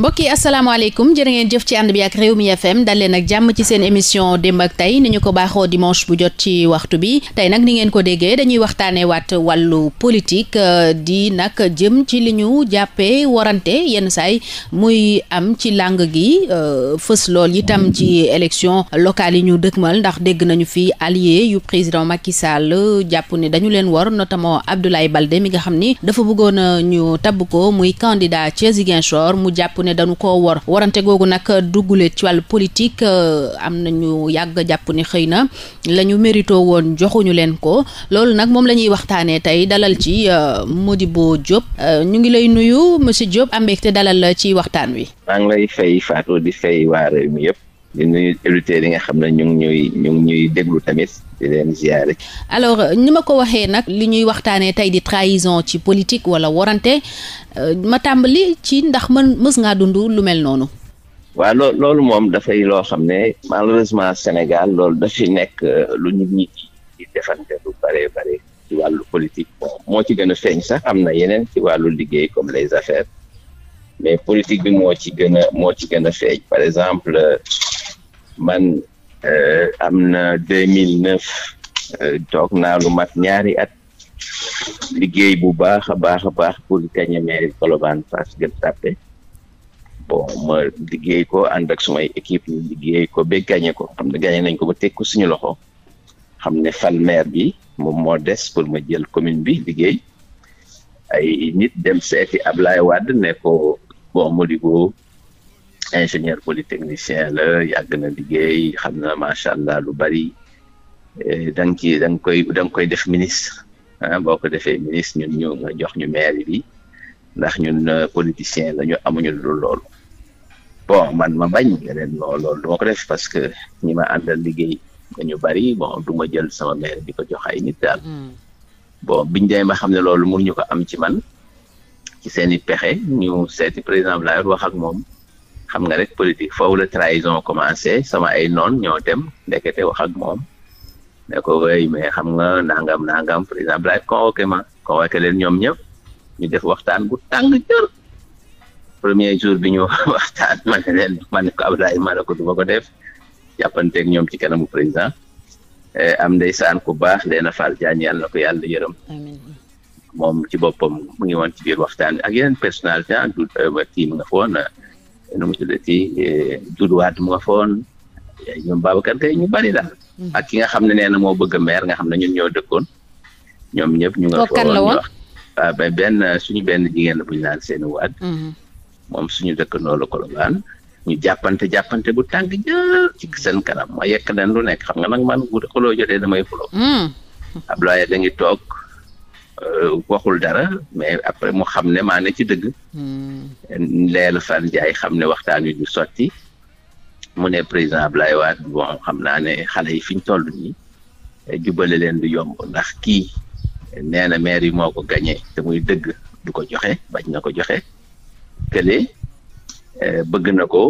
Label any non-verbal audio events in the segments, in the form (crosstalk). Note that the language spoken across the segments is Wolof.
mbokk yi asalaamaaleykum jërë ngeen jëf ci ànd bi ak réew mi FM dal leen ak jàmm ci seen émission démb ak tey ni ñu ko baaxoo dimanche bu jot ci waxtu bi tey nag ni ngeen ko déggee dañuy waxtaanee waat wàllu politique euh, di nag jëm ci li ñu jàppee warante yenn saay muy am ci làng gi euh, fës lool itam ci élection locale yi ñu dëkkmal ndax dégg nañu fi allié yu président Macky Sall jàpp ne dañu leen war notamment Abdoulaye Baldé mi nga xam ni dafa bëggoon euh, ñu tabb ko muy candidat ci mu jàpp ne ne dañu koo wor warante googu nag duggule ci wàllu politique euh, am nañu yàgg jàpp ni xëy na la ñu méritoo woon joxuñu leen ko loolu nag moom la ñuy waxtaanee tey dalal ci euh, Modibo Diop euh, ñu ngi lay nuyu monsieur Diop am mbégte dalal ci waxtaan wi. maa ngi lay fay Fatou di fay waa réew mi yëpp di nuyu auditeurs nga xam ne ñu ñuy ñu ñuy déglu tamit. di leen ziare. alors euh, ni ma ko waxee nag li ñuy waxtaanee tey di trahison ci politique wala warante euh, ma tàmbali ci ndax man mës ngaa dund lu mel noonu. waaw loolu moom dafay loo xam ne malheureusement Sénégal loolu dafi nekk euh, lu nit ñi di defante lu bare bare ci wàllu politique bon moo ci gën a feeñ sax am na yeneen ci wàllu liggéey comme les affaires mais politique bi moo ci gën moo ci gën a feeñ par exemple man Eh, am na deux mille eh, naa lu mat ñaari at liggéey bu baax a baax a baax pour gagner mairie Colobane Fass Gueule Tapée bon ma liggéey ko ànd ak sumay équipe liggéey ko ba gagné ko xam ne gagné nañ ko ba teg ko suñu loxo xam ne fal maire bi moom moo des pour ma jël commune bi liggéey ay nit dem seeti Ablaye Wade ne ko bon Modibo ingénieur polytechnicien la yàgg na liggéey xam na macha allah lu bari e, da nga ci da koy da nga koy def ministre ah boo ko defee ministre ñun ñu nga jox ñu maire bi ndax ñun euh, politicien la amuñu lu loolu bon man ma bañ nga leen lool loolu duma ko def parce que ñi ma àndal liggéey dañu bari bon du ma jël sama maire di ko jox ay nit daal hmm. bon biñ demee ma xam ne loolu ñu ko am ci man ci seen i pexe ñu seeti président Blaye wax ak moom xam nga rek politique foofu la trahison commencé sama ay noon ñoo dem ndekete wax ak moom ne ko wéy xam nga nangam nangam par exemple laay convoqué ma convoqué leen ñoom ñëpp ñu def waxtaan bu tàng jër premier jour bi ñu (laughs) waxtaan ma ne leen ma ko Abdoulaye ma ma ko def jàppanteeg ñoom ci kanamu président eh, am ndeysaan ku baax Léna Fall Diagne yàlla na ko yàlla yërëm moom ci boppam mu ngi ci biir waxtaan bi ak yeneen personnalité ah du team euh, nu mu tuddati eh, Doudouwaat mu nga foon eh, ñoom Babacar Gueye ñu bari daal. Mm-hmm. ak ki nga xam ne nee na moo bëgg maire nga xam ne ñun ñoo dëkkoon. ñoom ñëpp ñu nga foon ñu wax benn suñu benn jigéen la bu ñu naan seen waat. Mm-hmm. moom suñu dëkkandoo la Colobane. ñu jàppante jàppante bu tàng jël ci seen kanam ma yekk leen lu nekk xam nga nag man bu xuloo da damay xuloo. Mm-hmm. Abdoulaye da ngi toog. Euh, waxul dara mais après mu xam ne maa ne ci dëgg. Leela hmm. Fane Ndiaye xam ne waxtaan wi du sotti mu ne président Ablaye Wade bon xam naa ne xale yi fi ñu toll nii eh, jubale leen du yomb ndax kii eh, nee na maire yi moo ko gañee te muy dëgg du ko joxe bañ na ko joxe kële eh, bëgg na ko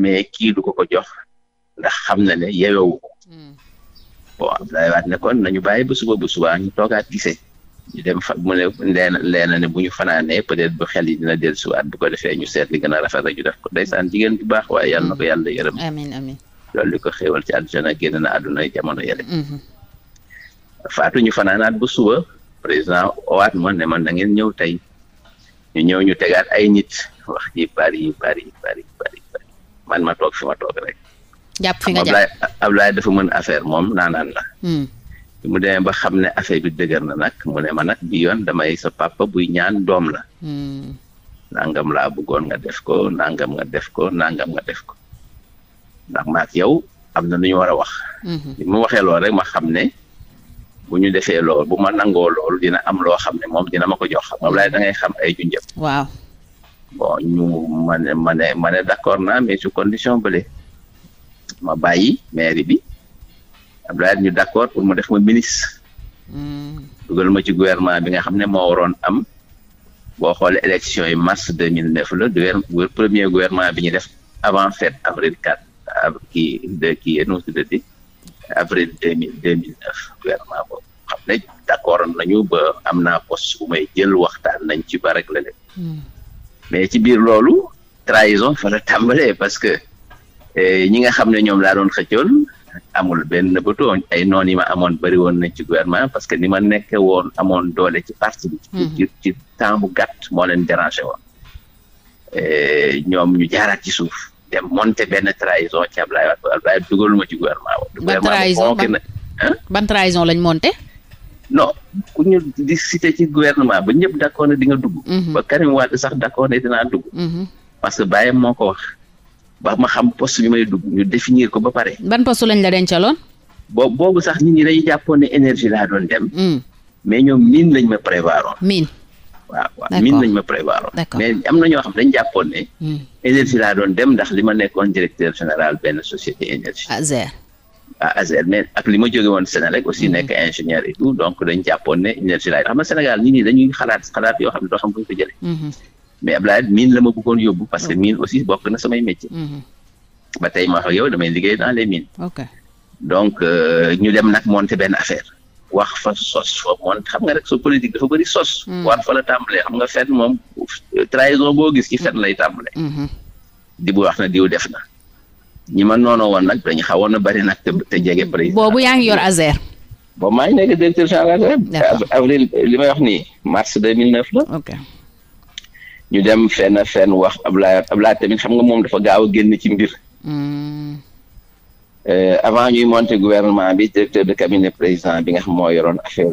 mais kii du ko ko jox ndax xam na ne yeyowu ko hmm. bon Ablaye Wade ne kon nañu bàyyi ba suba ba subaa ñu toogaat gisee. ñu dem fa mu ne leena leena ne bu ñu fanaanee peut-être bu xel yi dina dellusiwaat bu ko defee ñu seet li gën a rafet rek ñu def ko ndeysaan jigéen bu baax waaye yàlla na ko yàlla yërëm amiin amiin loolu li ko xéewal ci àdduna génn na àdduna jamono yële mm-hmm. faatu ñu fanaanaat bu suba président waat ma ne man na ngeen ñëw tey ñu ñëw ñu tegaat ay nit wax ci bari bari bari man ma toog fi toog rek jàpp fi nga jàpp Ablaye dafa mën affaire moom naanaan la mm. mu demee ba xam ne affaire bi dëgër na nag mu ne ma nag bi yoon damay sa papa buy ñaan doom la hmm. nangam laa bëggoon nga def ko nangam nga def ko nangam nga def ko ndax maak yow am na lu ñu war a wax hmm. mu waxee lool rek ma xam ne bu ñu defee loolu bu ma nangoo loolu dina am loo xam ne moom dina ma ko jox moom laay da ngay xam ay junjëm waaw ñu ma ne ma ne ma ne d'accord na mais su condition bële ma bàyyi mairie bi Abdoulaye ñu d' accord pour mu def ma ministre. dugal ma ci gouvernement bi nga xam ne moo waroon am boo xoolee élection yi mars deux mille neuf la gouvernement premier gouvernement bi ñu def avant fête avril quatre kii de kii avril gouvernement boobu xam ne d' accord nañu ba am naa poste bu may jël waxtaan nañ ci ba rek la leen. mais ci biir loolu trahison fa la tàmbalee parce que eh, ñi nga xam ne ñoom laa doon xëccoon amul benn bu tooñ ay noon yi ma amoon bëri woon nañ ci gouvernement parce que ni ma nekkee woon amoon doole ci parti bi. Mhm. ci ci temps bu moo leen dérangé woon. E, ñoom ñu jaaraat ci suuf dem monté benn trahison ci Ablaye Wade Ablaye dugaluma ci gouvernement boobu. ban trahison ban ban trahison lañ monté. non ku ñu di cité ci gouvernement ba ñëpp d' accord di nga dugg. Mhm. ba Karim Wade sax d' accord ne parce que Baye moo ko wax. ba ma xam poste bi may dugg ñu définir ko ba pare. ban poste lañ la dencaloon. bo boobu sax nit ñi dañuy jàppoon ne énergie laa doon dem. Mm. mais ñoom mine lañ ma prévoir. mine. waaw waaw mine lañ ma prévoir. mais am na ñoo xam dañ jàppoon ne. Mm. énergie laa doon dem ndax li ma nekkoon directeur général benn société énergie. ASER. ah ASER ak li ma jóge woon rek aussi mm. nekk ingénieur et tout donc dañ jàppoon ne énergie laa xam Sénégal nit ñi dañuy xalaat xalaat yoo xam ne doo xam buñ ko jëlee. Mm-hmm. mais Ablaye la ma bëggoon yóbbu parce que mine aussi bokk na samay métier mhm. ba tey ma wax yow damay liggéey dans les mines ok donc euh, ñu dem nag monter benn affaire wax fa sos fa moon xam nga rek sa politique dafa bëri sos mhm. war fa la tàmbalee xam nga fen moom trahison boo gis ci fen lay tàmbalee mhm. di bu wax na diw def na ñi ma noonu woon nag xaw xawoon na bari nag te jege président boobu yaa ngi yor Azer boobu maa ngi nekk directeur général avril li may wax nii mars deux mille ñu dem fenn fenn wax Ablaye Ablaye tamit xam nga moom dafa gaaw a génn ci mbir. Hmm. Euh, avant ñuy monter gouvernement bi directeur de cabinet président bi nga xam moo yoroon affaire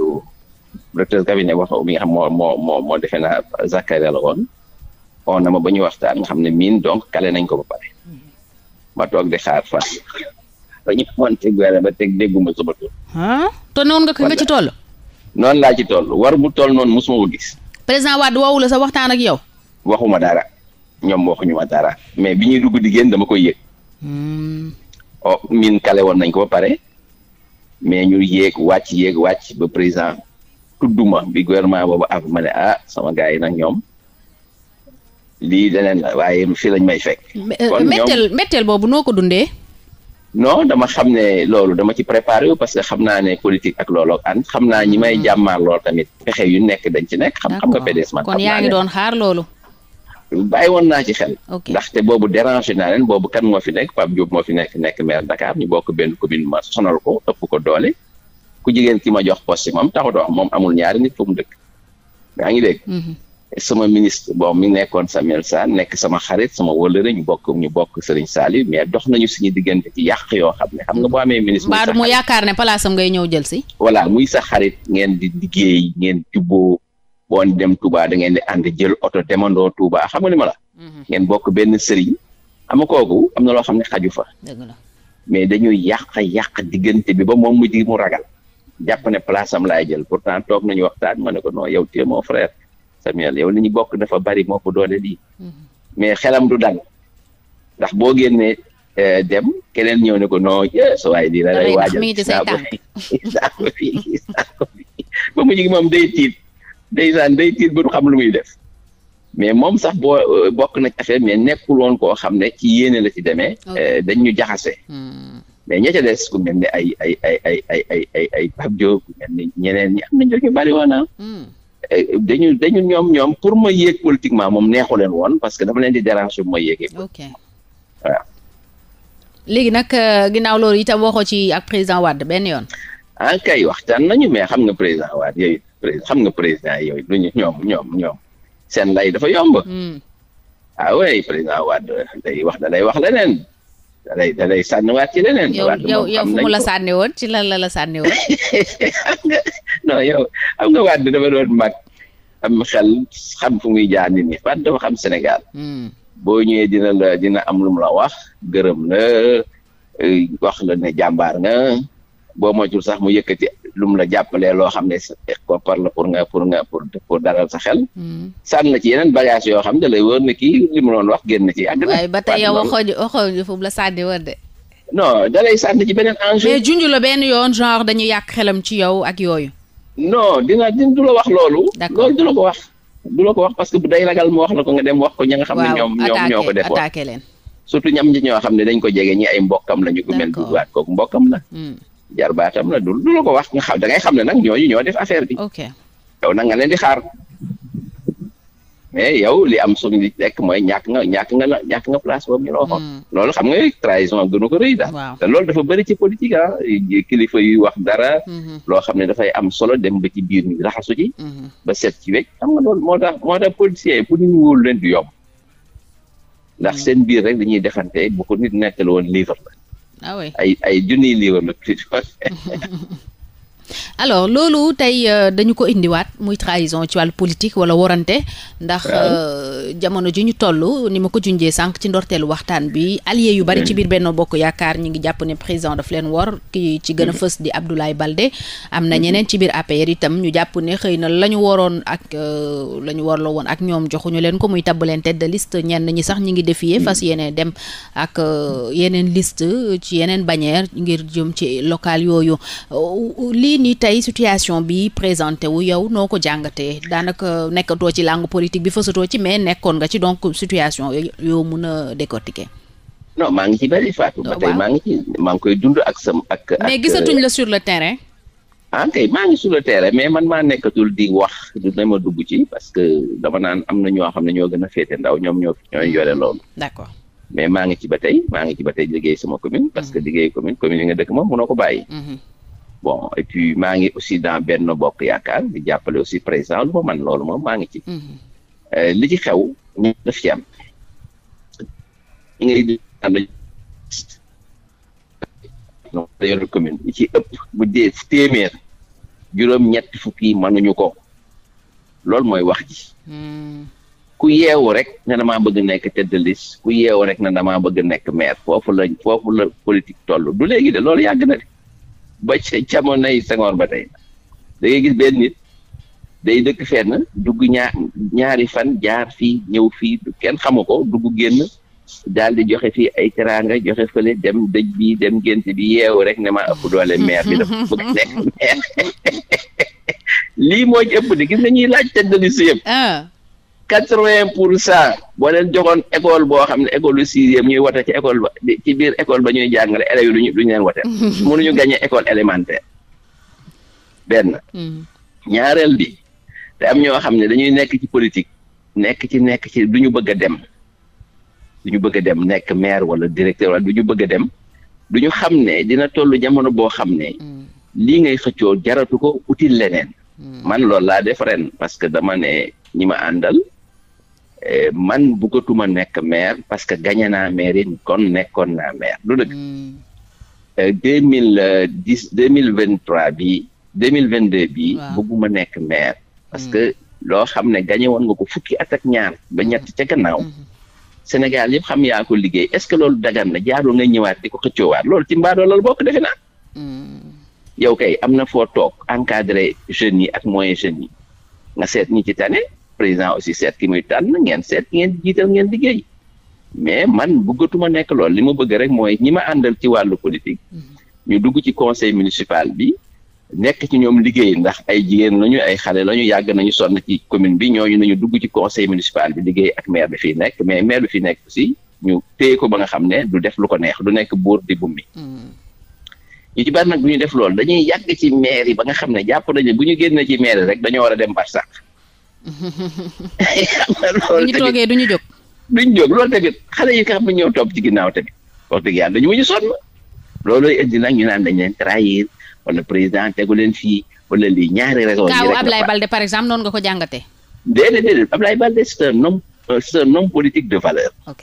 directeur de cabinet wax bi nga xam moo moo moo moo defe naa Zakaria la woon on na ma ba ñu waxtaan nga xam ne miin donc kale nañ ko ba pare ma toog di xaar fa ba ñu monter gouvernement ba teg dégguma sama tur. te noonu nga ko nga ci toll. noonu laa ci toll war bu toll noonu mosuma ko gis. président Wade woowu la sa waxtaan ak yow. waxuma dara ñoom waxuñu ma dara mais bi ñuy dugg di génn dama koy yëg. Hmm. oh miin kale woon nañ ko ba pare mais ñu yéeg wàcc yéeg wàcc ba président tudduma bi gouvernement boobu af ma ne ah sama gars yi nag ñoom lii deneen la waaye fii lañ may fekk. kon euh, métteel métteel boobu noo ko dundee. non dama xam ne loolu dama ci préparé wu parce que xam naa ne politique ak loolu an xam naa ñi may hmm. jàmmaar lool tamit pexe yu nekk dañ ci nekk. xam xam nga PDS man. kon yaa ngi doon xaar loolu. bàyyi woon naa ci xel. ndaxte boobu dérangé naa leen boobu kan moo fi nekk Pape Diop moo fi nekk nekk maire Dakar ñu bokk benn commune ma sonal ko ëpp ko doole ku jigéen ki ma jox poste moom taxut wax moom amul ñaari nit fu mu dëkk yaa ngi mhm. nekkoon Samuel Sarr nekk sama xarit sama wëllëre ñu bokk ñu bokk Serigne Sali mais dox nañu suñu diggante ci yàq yoo xam ne xam nga boo amee ministre Badou mu yaakaar ne palaasam ngay ñëw jël si. voilà muy sa xarit ngeen di liggéey ngeen jubboo boo dem Touba da ngeen di ànd jël oto demandoo Touba xam nga ni ma la. Mhm. ngeen bokk benn sëriñ xam nga kooku am na loo xam ne xaju fa. mais dañuy yàq yàq diggante bi ba moom mujj mu ragal jàpp ne place am laay jël pourtant toog nañu waxtaan ma ne ko non yow tey mon frère Samuel li ñu bokk dafa bari moo ko doole lii. Mhm. mais xelam du dal ndax boo génnee euh, dem keneen ñëw ne ko non sa di la lay waajal. (laughs) (laughs) moom day tiit. ndeysaan day tiit ba du xam lu muy def mais moom sax bo euh, bokk na ci affaire mais nekkul woon koo xam ne ci yéene la ci demee. Euh, dañ ñu jaxase. Hmm. mais ña ca des ku mel ne ay ay ay ay ay ay ay ay Pape ñeneen ñi am na njëriñ ñu bari woon ah. Hmm. Euh, dañu dañu ñoom ñoom pour ma yéeg politiquement moom neexu leen woon parce que dafa leen di déranger bu ma yéegee. ok léegi nag ginnaaw loolu itam waxoo ci ak président Wade benn yoon. ah kay waxtaan nañu mais xam na président Wade yooyu. xam nga président yooyu lu ñu ñoom ñoom ñoom seen lay dafa yomb. ah oui président Wade day wax da lay wax leneen. da lay da lay sànniwaat ci leneen. yow yow fu mu la sànni woon ci la la la sànni woon. non yow xam nga Wade dafa doon mag am xel xam fu muy jaar nit ñi Wade dafa xam Sénégal. boo ñëwee dina la dina am lu mu la wax gërëm la wax la ne jàmbaar nga boo moytul sax mu yëkkati lu mu la jàppalee loo xam ne koppar la pour nga pour nga pour dalal sa xel. Hmm. sànni na ci yeneen bagage yoo xam ne lay wër ne kii li mu wax génn ci àgg. waaye ba tey la sànni wër de. non da lay sànni ci beneen enjeu. mais junj la benn yoon genre dañu yàq xelam ci yow ak yooyu. non dina dina du la wax loolu. d'accord loolu du la ko wax. du la ko wax parce que bu day ragal mu wax na ko nga dem wax ko ña nga xam ne ñoom ñoom ñoo ko defoon surtout ñam ñi ñoo xam ne dañ ko jege ñi ay mbokkam la ñu ko mel dugaat mbokkam la hmm. jarbaatam la du du la ko wax nga xam xam ne nag ñooñu ñoo def affaire bi. ok yow nag nga leen di xaar mais yow li am suñu lekk mooy ñàkk nga ñàkk nga ñàkk nga place boobu ñu hmm. loolu xam nga trahison gënu ko rëy daal. waaw te loolu dafa bëri ci politique ah, kilifa yuy wax dara. Hmm. loo xam ne dafay am solo dem ba ci biir ñu raxasu ci. Hmm. ba set ci wécc xam nga loolu moo tax moo tax leen di yomb. ndax seen biir rek dañuy defante bu ko nit nekk la livre ah oui ay ay junniy livre la plutôt (laughs) (laughs) alors loolu tey euh, dañu ko indiwaat muy traison ci wàllu politique wala warante ndax euh, jamono ji ñu toll ni ma ko junjee sànq ci ndorteelu waxtaan bi allié yu bari ci mm. biir Benno Bokk Yaakaar ñi ngi jàpp ne président daf leen war ki ci gën a mm. fës di Abdoulaye Baldé am na mm-hmm. ñeneen ci biir APR itam ñu jàpp ne xëy na la ñu waroon ak euh, la ñu warloo woon ak ñoom joxuñu leen ko muy tabb leen tête de liste ñenn ñi sax ñi ngi défier mm. fas yéene dem ak yeneen list ci yeneen bannière ngir jëm ci local yooyu fii ni tey situation bi présenté wu yow noo ko jàngatee daanaka nekkatoo ci langue politique bi fësatoo ci mais nekkoon nga ci donc situation yoo mun a décortiquer. non maa ngi ci bëri Fatou. Oh, ba tey maa ngi ci maa ngi koy dund ak sam ak. ak mais la sur le terrain. ah maa ngi sur le terrain mais man maa nekkatul di wax du ne ma dugg ci parce que dama naan am na ñoo xam ne ñoo gën a féete ndaw ñoom ñoo ñooy yore loolu. d'accord. ba tey liggéey sama commune. parce que mhm. liggéey commune commune yi nga dëkk moom mënoo ko bàyyi. Mhm. bon et puis maa ngi aussi dans benn bokk yaakaar bi jàppale aussi président lu ma man loolu moom maa ngi ci mhm. euh, li ci xew ñu def ci am ñi ci ëpp bu dee téeméer juróom ñetti fukki mënuñu ko loolu mooy wax ji hmm. ku yeewu rek na damaa bëgg nekk tête de ku yeewu rek ne damaa bëgg nekk maire foofu la foofu la toll du léegi de loolu yàgg na de ba jamonoy Senghor ba tey da gis benn nit day dëkk fenn dugg ñaar ñaari fan jaar fi ñëw fii kenn xamu ko dugg génn daal di joxe fii ay teraanga joxe fële dem dëj bi dem gént bi yeewu rek ne ma ëpp doole maire bi dafa bëgg nekk maire (laughs) lii moo ëpp di gis nañuy laaj tëddali si yëpp ah. quatre vingt pour cent boo leen joxoon école boo xam ne école lu sixième ñuy wote ci école ba ci biir école ba ñuy jàngale élèves yi duñu duñu leen wote (laughs) mënuñu gagné école élémentaire benn hmm. ñaareel bi te am ñoo xam ne dañuy nekk ci politique nekk ci nekk ci duñu bëgg a dem duñu bëgg a dem nekk maire wala directeur wala duñu bëgg a dem ñu xam ne dina toll jamono boo xam ne hmm. lii ngay xëccoo jaratu ko util leneen hmm. man loolu laa def ren parce que dama ne ñi ma àndal eh, man bëggatuma nekk maire parce que gañe naa maire yi kon nekkoon naa maire du dëgg hmm. eh, deux mille dix deux mille vingt trois bi deux mille vingt deux bi bëgguma nekk maire parce que hmm. loo xam ne gagné woon nga ko fukki at ak ñaar ba hmm. ñett ca gannaaw Sénégal yëpp xam yaa ko liggéey est-ce que loolu dagan na jaarul nga ñëwaat di ko xëccoowaat loolu ci mbaadoo loolu bokk defe naa yow kay am na foo toog encadré jeunes yi ak moyen jeunes yi nga seet ñi ci tane président aussi seet ki muy tànn ngeen seet ngeen jiital ngeen liggéey mais man buggatuma nekk lool li ma bëgg rek mooy ñi ma àndal ci wàllu politique mhm. ñu dugg ci conseil municipal bi nekk ci ñoom liggéey ndax ay jigéen lañu ay xale lañu yàgg nañu sonn ci commune bi ñoo ñooñu nañu dugg ci conseil municipal bi liggéey ak maire bi fi nekk mais maire lu fi nekk aussi ñu téye ko ba nga xam ne du def lu ko neex du nekk buur di bummi mhm. ñu ci bari nag bu ñu def loolu dañuy yàgg ci maire yi ba nga xam ne jàpp nañu bu ñu génnee ci maire rek dañoo war a dem barsax bu (laughs) ñu toogee du ñu jóg. duñ jóg loolu tamit xale yi ka xam ne ñoo topp ci ginnaaw tamit wax dëgg yàlla dañu mujj sonn loolu lay ñu naan dañ leen trahir wala leen fii wala lii ñaari raisons. yi rek kaaw Ablaye Balde par exemple noon nga ko jàngatee. déedéet déedéet Ablaye Balde c'est un homme politique de valeur. ok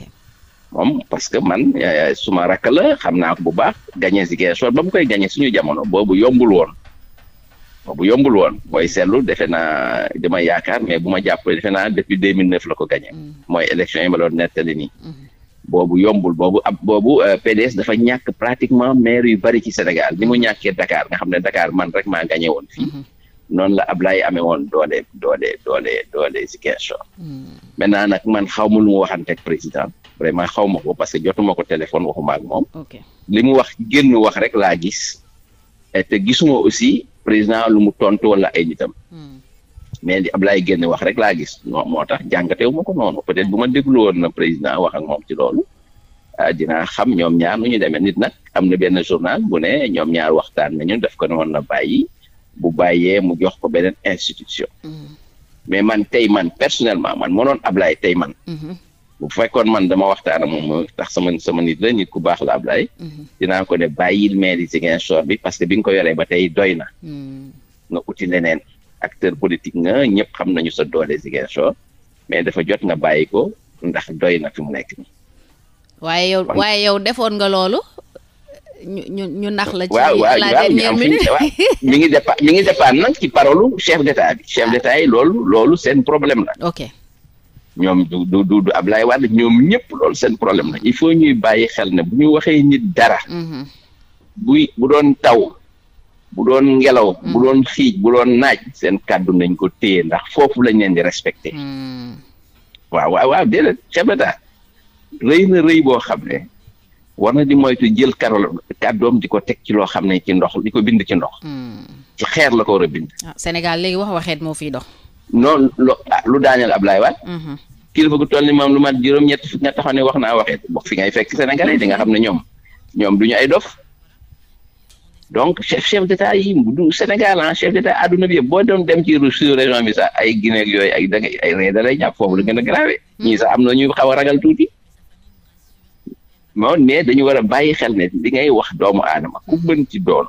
moom parce que man euh, suma rakk la xam naa ko bu baax gagné si Ziguinchor ba mu koy gagné suñu jamono boobu yombul woon. bu yombul woon booy seetlu defe naa dama yaakaar mais bu ma jàpp defe naa depuis 2009 la ko gagné. Mm. mooy élection yi ma doon nettali nii. Mm-hmm. boobu yombul boobu ab boobu euh, PDS dafa ñàkk pratiquement maire yu bari ci Sénégal ni mu mm-hmm. ñàkkee Dakar nga xam ne Dakar man rek maa gagné woon fii. Mm-hmm. noonu la Ablaye amee woon doole doole doole doole Ziguinchor. maintenant nag man xaw ma lu mu waxante ak président vraiment xaw ma ko parce que jotuma ko téléphone waxuma ak moom. li mu wax génn wax rek laa gis. te gisuma aussi président lu mu tontu wala ay nitam. Hmm. mais li Ablaye génn wax rek laa gis moom moo tax jàngatewu ma ko noonu peut-être bu ma déglu woon na président wax ak moom ci loolu ah, dinaa xam ñoom ñaar nu ñu demee nit nag am na benn journal bu ne ñoom ñaar waxtaan nañu def ko ne woon na bàyyi bu bàyyee mu jox ko beneen institution. Hmm. mais man tey man personnellement man mënoon Ablaye tey man. Hmm. bu fekkoon man dama waxtaan a moom tax sama sama nit la nit ku baax la Ablaye. Mhm. dinaa ko ne bàyyil maire yi Ziguinchor bi parce que bi nga ko yoree ba tey doy na. Hmm. nga uti leneen acteur politique nga ñëpp xam nañu sa doole Ziguinchor mais dafa jot nga bàyyi ko ndax doy na fi mu nekk nii. waaye yow yow defoon nga loolu. ñu ñu ñu nax la. ci la dernière minute mi ngi dépend mi ngi dépend nag ci parolu chef d' état bi. chef d' état yi loolu loolu seen problème la. ok. ñoom du du du du Ablaye Wade ñoom ñëpp loolu seen problème la il faut ñuy bàyyi xel na bu ñu waxee nit dara. Mhm. buy bu doon taw. bu doon ngelaw bu mhm. doon xiij bu doon naaj seen kàddu nañ ko téye ndax foofu lañ leen di respecté mhm. waaw waaw waaw rëy na rëy boo xam ne war na di moytu jël karol kàddoom di ko teg ci loo xam ne ci ndox di ko bind ci ndox ci xeer la ko war a bind ah, Sénégal léegi wax waxeet moo fiy dox noonu ah, lu daaneel Ablaye Wade. Mhm. kilifa gu toll ni maam lu mat juróom ñett nga taxaw ne wax naa waxee bokk fi ngay fekk Sénégalais di nga xam ne ñoom ñoom du ay dof donc chef chef d'état yi du Sénégal ah, àdduna bi yëpp boo doon dem ci sous région bi sax ay Guinée yooyu ay dangay ay da lay jàpp foofu lu gën a grave mhm. ñii sax am na ñuy xaw ragal tuuti moom ne dañu war a bàyyi xel ne li ngay wax doomu aadama ku mën ci doon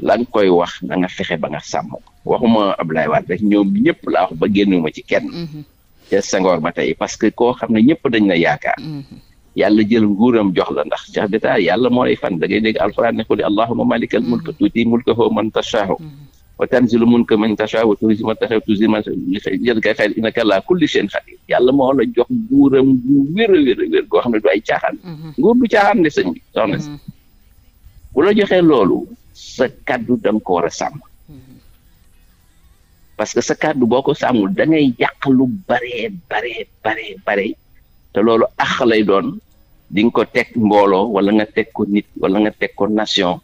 la nga koy wax na nga fexe ba nga sàmm waxuma Abdoulaye Wade rek ñoom ñëpp laa wax ba génnuma ci kenn mhm. ca Senghor ba tey parce que koo xam ne ñëpp dañ la yaakaar mhm. yàlla jël nguuram jox la ndax chef d'état yàlla moo lay fan da ngay dégg alxuraan ne ko di allahumma malikal mulk mhm. tuuti mulkahu man tashaa'u wa la jox nguuram gu wér a wér a wér goo xam ne du ay caaxaan nguur du caaxaan ne sëñ bi bu la joxee loolu sa kaddu da ko war a sàmm parce que sa kàddu boo ko sàmmul da ngay yàq lu baree baree baree bare te loolu ax lay doon di nga ko teg mbooloo wala nga teg ko nit wala nga teg ko nation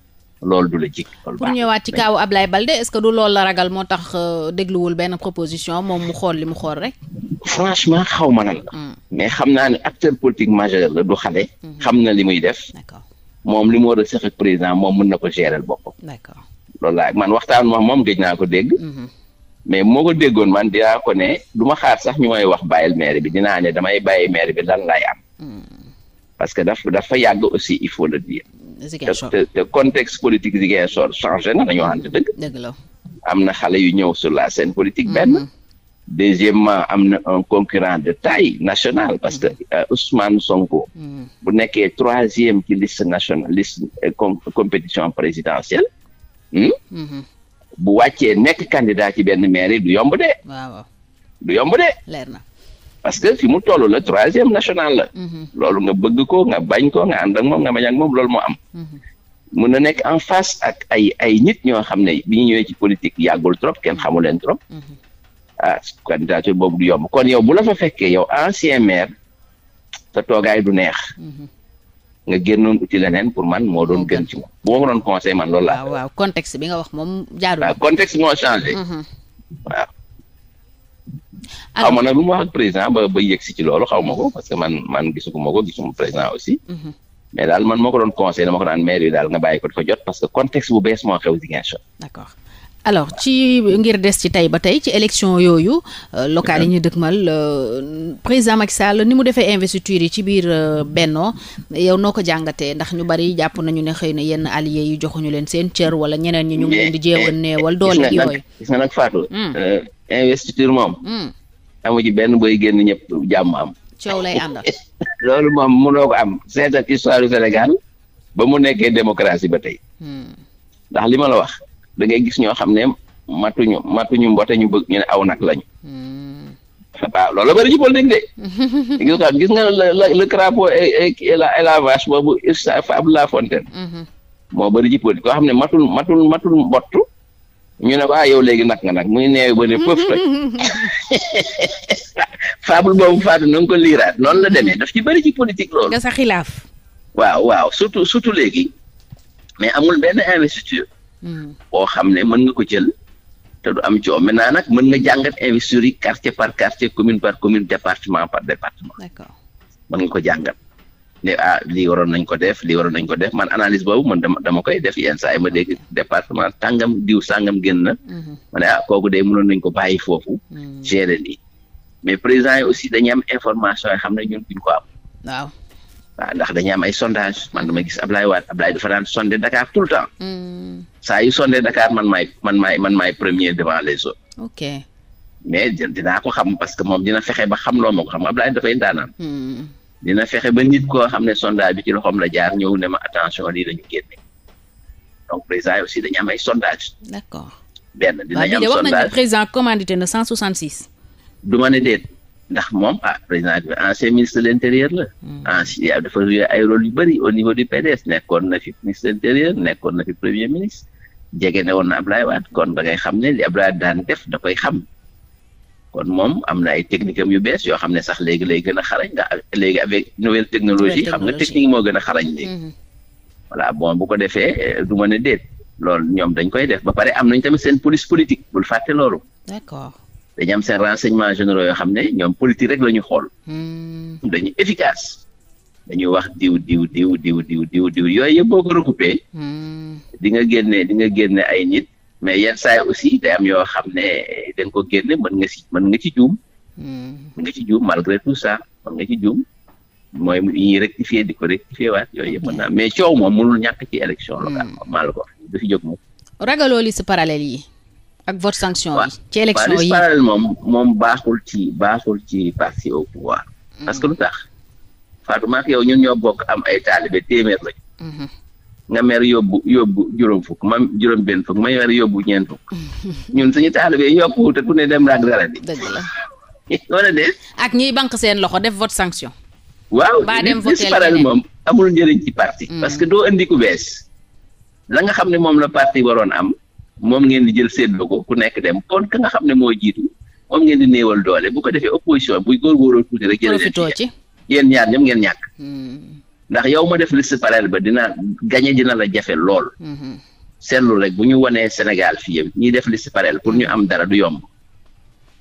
loolu du la jik loolu baax ñëwaat ci kaawu Ablaye Balde est-ce que du loolu la ragal moo tax euh, dégluwul benn proposition moom mu xool li mu xool rek. franchement xaw ma na la. Hmm. mais xam naa ni acteur politique majeur la du xale. Hmm. xam na li muy def. d'accord moom li mu war a seq ak président moom mën na ko gérer boppam. d'accord loolu laa man waxtaan ma moom gëj naa ko dégg. Mm-hmm. mais moo ko déggoon man dinaa ko ne du ma xaar sax ñu may wax bàyyil maire bi dinaa ne damay bàyyi maire bi lan lay am. Mm-hmm. parce que daf dafa yàgg aussi il faut le dire. te te contexte politique sol changé na dañoo ànd dëgg. dëgg la am na xale yu ñëw sur la scène politique benn. Mm-hmm. deuxièmement am na un concurrent de taille nationale parce que mm-hmm. euh, Ousmane Sonko. Mm-hmm. bu nekkee troisième ci liste nationale liste euh, compétition présidentielle. Hmm? Mm-hmm. bu wàccee nekk candidat ci benn mairie du yomb de. waaw leer na. parce que fi mu toll la troisième national la. loolu nga bëgg ko nga bañ ko nga ànd ak moom nga bañ ak moom loolu moo am. mun na nekk en face ak ay ay nit ñoo xam ne bi ñu ñëwee ci politique yàggul trop kenn xamu leen trop. ah candidature boobu du yomb kon yow bu la fa fekkee yow ancien maire sa toogaay du neex. Mhm. nga génnoon uti leneen pour man moo doon gën ci moom. bu ma ko doon conseil man loolu laa. waaw waaw bi nga wax moom jaarul. Mhm. ak président ba ba yegg si ci loolu xaw ma ko parce que man man gisuguma ko gisuma mhm. jot parce que contexte bu bees moo xew Ziguinchor. alors ci ngir des ci tey ba tey ci élection yooyu euh, locales yi ñu dëkkmal euh, président Macky Sall ni mu defee investiture yi ci biir euh, Benno yow noo ko jàngatee ndax ñu bari jàpp nañu ne xëy na yenn alliés yi joxuñu leen seen cër wala ñeneen yi ñu ngi leen di jéewan neewal eh, doole yooyu gis nga nag Fatou hmm. investiture moom hmm. amu benn boy génn ñëpp jàmm am coow lay àndal (laughs) loolu moom mënoo ko am seetal histoire Sénégal ba mu nekkee démocratie ba tey hmm. ndax li ma la wax da ngay gis ñoo xam ne matuñu matuñu mboote ñu bëgg ñu ne aw nag lañu. Hmm. Ah, loolu la bëri ci politique de. (laughs) gis nga gis nga le le crapaud la et la boobu Fable La Fontaine. Mm-hmm. moo bëri ci politique koo xam ne matul matul matul mbott ñu ne waa ah, yow ne pëf rek (laughs) Fable boobu Fatou na nga ko liiraat noonu la demee daf ci bëri ci loolu. nga sa xilaaf. waaw surtout surtout léegi mais amul benn investiture. boo xam ne mën nga ko jël te du am coow maintenant nag mën nga jàngat investisseurs yi quartier par quartier commune par commune département par département. d'accord nga ko jàngat ne ah lii ko def man analyse boobu man dama koy def yenn saa ma dégg département tàngam diw sàngam génn na. Mhm. ma ne ah kooku de mënoon nañ ko bàyyi foofu. Mhm. gérer lii mais président yi aussi dañuy am information yi xam ne ñun duñ ko am. waaw. waaw ndax dañuy am ay sondage man dama gis Ablaye Wade Ablaye dafa daan sondé Dakar tout le temps. Hmm. saa yu sondé Dakar man maay man maay man maay premier devant les autres. ok mais dinaa ko xam parce que moom dina fexe ba xam loo ma ko xam Ablaye dafay daanaan. Hmm. dina fexe ba nit koo xam ne sondage bi ci loxoom la jaar ñëw ne ma attention lii dañu génne donc président aussi dañu am ay sondage d'accord benn dinañ am sondage wax nañ président commandité na 166. du ma ne déet. ndax moom ah président bi ancien ministre de l' la. Hmm. ancien ah, ah, dafa ay rôle yu bëri au niveau de PDS nekkoon na fi ministre de l' nekkoon na fi premier ministre jege ne woon na Ablaye Wade kon ba ngay xam ne li Ablaye daan def da koy xam kon moom am na ay techniquem yu bees yoo xam ne sax léegi lay gën a xarañ nga léegi avec nouvelle technologie xam nga technique moo gën a xarañ léegi. Hmm. voilà bon bu ko defee eh, du ma ne déet loolu ñoom dañ koy def ba pare am nañ tamit seen police politique bul fàtte loolu. dañu am seen renseignement généraux yoo xam ne ñoom politique rek la ñu xool. Hmm. dañu efficace. dañuy wax diw diw diw diw diw diw diw yooyu yëpp boo ko recoupé. Hmm. di nga génne di nga génne ay nit. mais yenn saa aussi day am yoo xam ne da nga ko génne mën nga si mën nga ci juum. Hmm. mën nga ci juum malgré tout sax man nga ci juum. mooy ñuy rectifier di ko rectifier waat yooyu yëpp mën naa mais coow moom mënul ñàkk ci élection locale. maa la ko wax du jóg moom. ragaloo liste parallèle yi. ak vote sanction yi. ci élection yi moom moom baaxul ci baaxul ci parti au pouvoir. Mm. parce que lu tax Fatou Mak yow ñun ñoo bokk am ay taalibe téeméer lañu. Mm-hmm. nga mer yóbbu yóbbu juróom fukk ma juróom benn fukk ma mer yóbbu ñeent fukk. Mm-hmm. ñun suñu taalibe yokku te ku ne dem rag dara di. dëgg la (laughs) wala de. ak ñiy banque seen loxo def vote sanction. waaw liste parallèle moom amul njëriñ ci parti. Mm. parce que doo andi ku bees. la nga xam ne moom la parti waroon am. moom ngeen di jël séddoo ko ku nekk dem kon ka nga xam ne moo jiitu moom ngeen di néewal doole bu ko defee opposition buy góorgóorloo tuuti rek. jëlee leen ci yéen ñaar ñoom ngeen ñàkk. Hmm. ndax yow ma def liste parallèle ba dina gañe dina la jafe lool. Hmm. seetlu rek bu ñu wanee Sénégal fii yëpp ñuy def liste parallèle pour ñu am dara du yomb.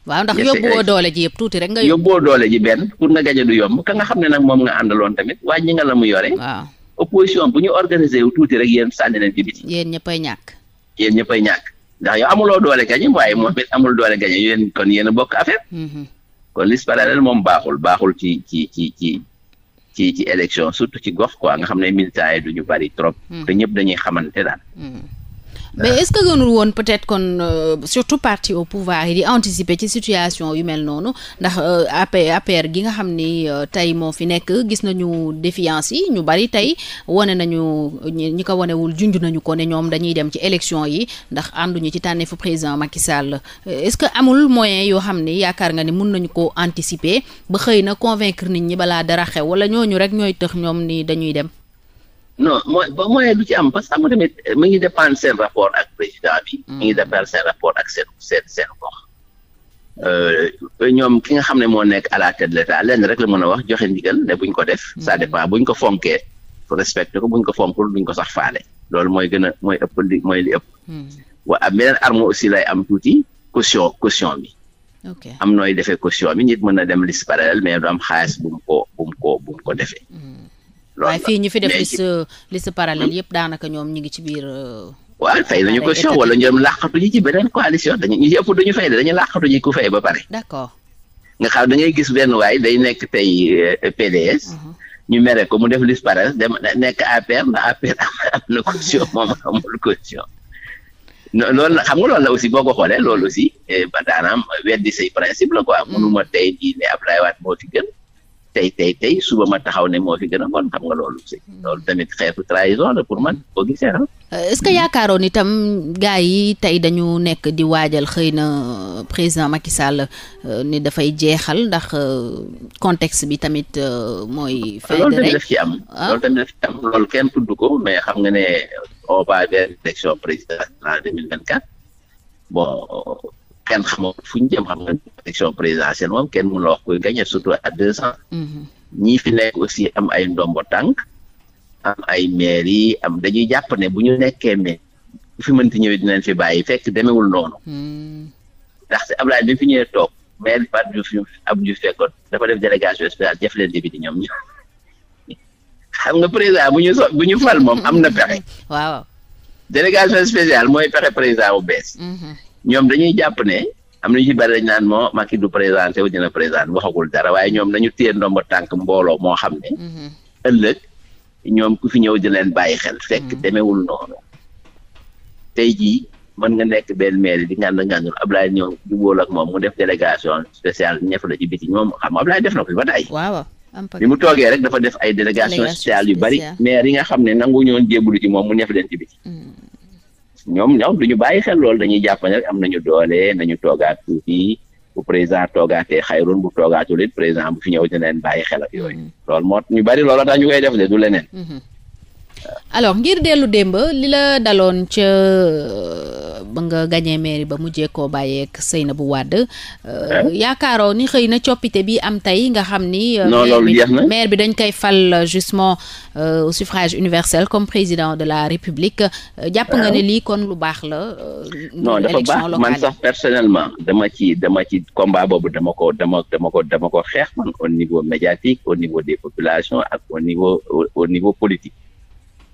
waaw ndax yóbbuwoo doole ji yëpp tuuti rek nga yóbbuwoo doole ji benn pour nga gañe du ka nga xam ne nag moom nga àndaloon tamit wàññi nga la mu yore. waaw opposition bu ñu organiser wu tuuti rek yéen sànni leen ci biti. yéen ñëppay ñàkk. yéen ñëppay ñàkk ndax yow amuloo doole gañe waaye moom it amul doole gañe yéen kon yéen a bokk affaire mhm. kon liste parallèle moom baaxul baaxul ci ci ci ci ci ci élection surtout ci gox quoi nga xam ne militants yi duñu bari trop mhm. te ñëpp dañuy xamante daal mhm. mais est-ce que gënul woon peut-être kon euh, surtout parti au pouvoir yi di anticiper ci situation yu mel noonu ndax euh, APR gi nga xam ni euh, tey moo fi nekk gis nañu défiance yi ñu bari tey wane nañu ñi ko wanewul junj nañu ko ne ñoom dañuy dem ci élection yi ndax ànduñu ci tànneefu président Macky Sall est-ce que amul moyen yoo xam ni yaakaar nga ni mun nañu ko anticiper ba xëy na convaincre nit ñi balaa dara xew wala ñooñu rek ñooy tëx ñoom ni dañuy dem no mooy ba moyen du ci am parce que amu tamit euh, mi ngi dépendre seen rapport ak président bi. mu hmm. ngi dépendre seen rapport ak seen seen seen gox. Euh, ñoom ki nga xam ne moo nekk à la tête rek la mën a wax joxe ndigal ne buñ ko def. Hmm. ça dépend buñ ko fonkee respecté buñ ko fonkul duñ ko sax faale. loolu mooy gën a mooy ëpp li mooy li ëpp. Hmm. wa am beneen arme aussi lay am tuuti caution caution bi. am nooy defee caution bi nit mën na dem liste parallèle mais du am xaalis bu ko bu ko defee. waaye fii ñu fi def liste liste parallèle yëpp daanaka ñoom ñu ngi ci biir. Euh, waaw fay nañu ko si wala ñoom làqatuñu ci beneen coalition dañu ñu ëpp duñu fay de dañu làqatuñu ku fay ba pare. d'accord nga xam da gis benn waay day nekk tey euh, PDS. Uh-huh. ñu mere ko mu def liste parallèle dem nekk APR na APR am na caution (laughs) moom amul caution. loolu xam nga lool la aussi boo ko xoolee loolu aussi eh, ba daanaam weddi say principe la quoi. Mm. mënuma tey di ne Abdoulaye Wade moo fi gën. tey tey tey suba ma taxaw ne moo fi gën a bon xam nga loolu si loolu tamit xeetu trahison la pour man boo gisee ah. est-ce que yaakaaroon itam gars yi tey dañu nekk di waajal xëy na euh, président Macky Sall euh, ni dafay jeexal ndax contexte bi tamit mooy. fin de loolu tamit ah. loolu tamit am loolu kenn tudd ko mais xam nga ne on va vers l'élection présidentielle en deux vingt-quatre bon. kenn xamoo fu ñu jëm xam nga élection présidentielle moom kenn mun mhm. fi nekk aussi am ay ndombo tànk am ay yi am dañuy jàpp ne bu ñu nekkee mais fi mënti ñëwee dinañ fi bàyyi fekk demewul noonu hmm. ndaxte Ablaye bi fi ñëwee toog maire bi Pape Diouf ab Diouf fekkoon dafa def délégation spéciale jëf leen député fal moom am na pexe (laughs) waaw délégation spéciale mooy pexe président bu bees mhm. ñoom dañuy jàpp ne am nañu ci bari dañ naan moo Macky du présenté wu dina présenté waxagul dara waaye ñoom nañu téye ndomba tànk mbooloo moo xam ne mhm. ëllëg ñoom ku fi ñëw di leen bàyyi xel mhm. fekk demewul noonu tey jii mën nga nekk benn maire di ngànd ngàndul Ablaye ñëw jubóol ak moom mu def délégation spéciale ñëf la ci biti ñoom xam Ablaye def na ko ba tey bi mu toogee rek dafa def ay délégation spéciale yu bari maire yi nga xam ne nangu ñoon jébbalu ci moom mu ñëf leen ci biti mhm. ñoom ñoom du ñu bàyyi xel loolu dañuy jàpp ne rek am nañu doole nañu toogaat tuuti bu président toogaatee xayrun bu toogaatul it président bu fi ñëw dina leen bàyyi xel ak yooyu mm-hmm. loolu moo ñu bari loolu tax ñu koy def de du leneen. Mm-hmm. alors ngir dellu démb li la daloon ca euh, ba nga gañee mairie ba mujjee koo bàyyeek Seynabou Wade euh, eh? yaakaaroo ni xëy na coppite bi am tey nga xam ni euh, maire bi dañ koy fal justement au suffrage universel comme président de la république jàpp nga ne eh? lii kon lu baax la non dafa baax man sax personnellement dama ci dama ci combat boobu dama ko dama dama ko dama ko xeex man au niveau médiatique au niveau des populations ak au au niveau politique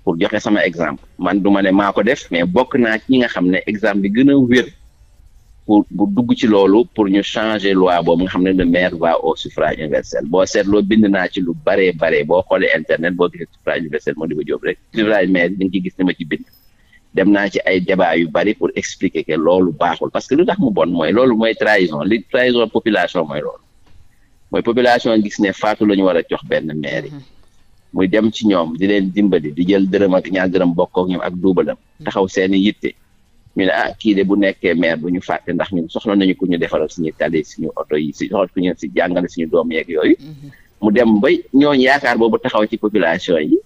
pour joxe sama exemple man du ma ne maa ko def mais bokk naa ci ñi nga xam ne exemple bi gën a wér pour bu dugg ci loolu pour ñu changer loi boobu nga xam ne le maire va au suffrage universel boo seetloo bind naa ci lu baree baree boo xoolee internet boo gisee suffrage universel moo di ba jóob rek suffrage maire di nga ci gis ni ma ci bind dem naa ci ay jabaa yu bari pour expliquer que loolu baaxul parce que lu tax mu bon mooy loolu mooy trahison li trahison population mooy loolu mooy population gis ne faatu la ñu war a jox benn maire yi muy dem ci ñoom di leen dimbali di jël dërëm ak ñaar dërëm bokk ak ñoom ak duubalam hmm. taxaw seeni yitte ñu ne ah kii de bu nekkee maire bu ñu fàtte ndax ñu soxla nañu ku ñu defaral suñu tali suñu oto yi si soxla ku si jàngale suñu doom yeeg yooyu hmm. mu dem bay ñooñu yaakaar boobu taxaw ci population yi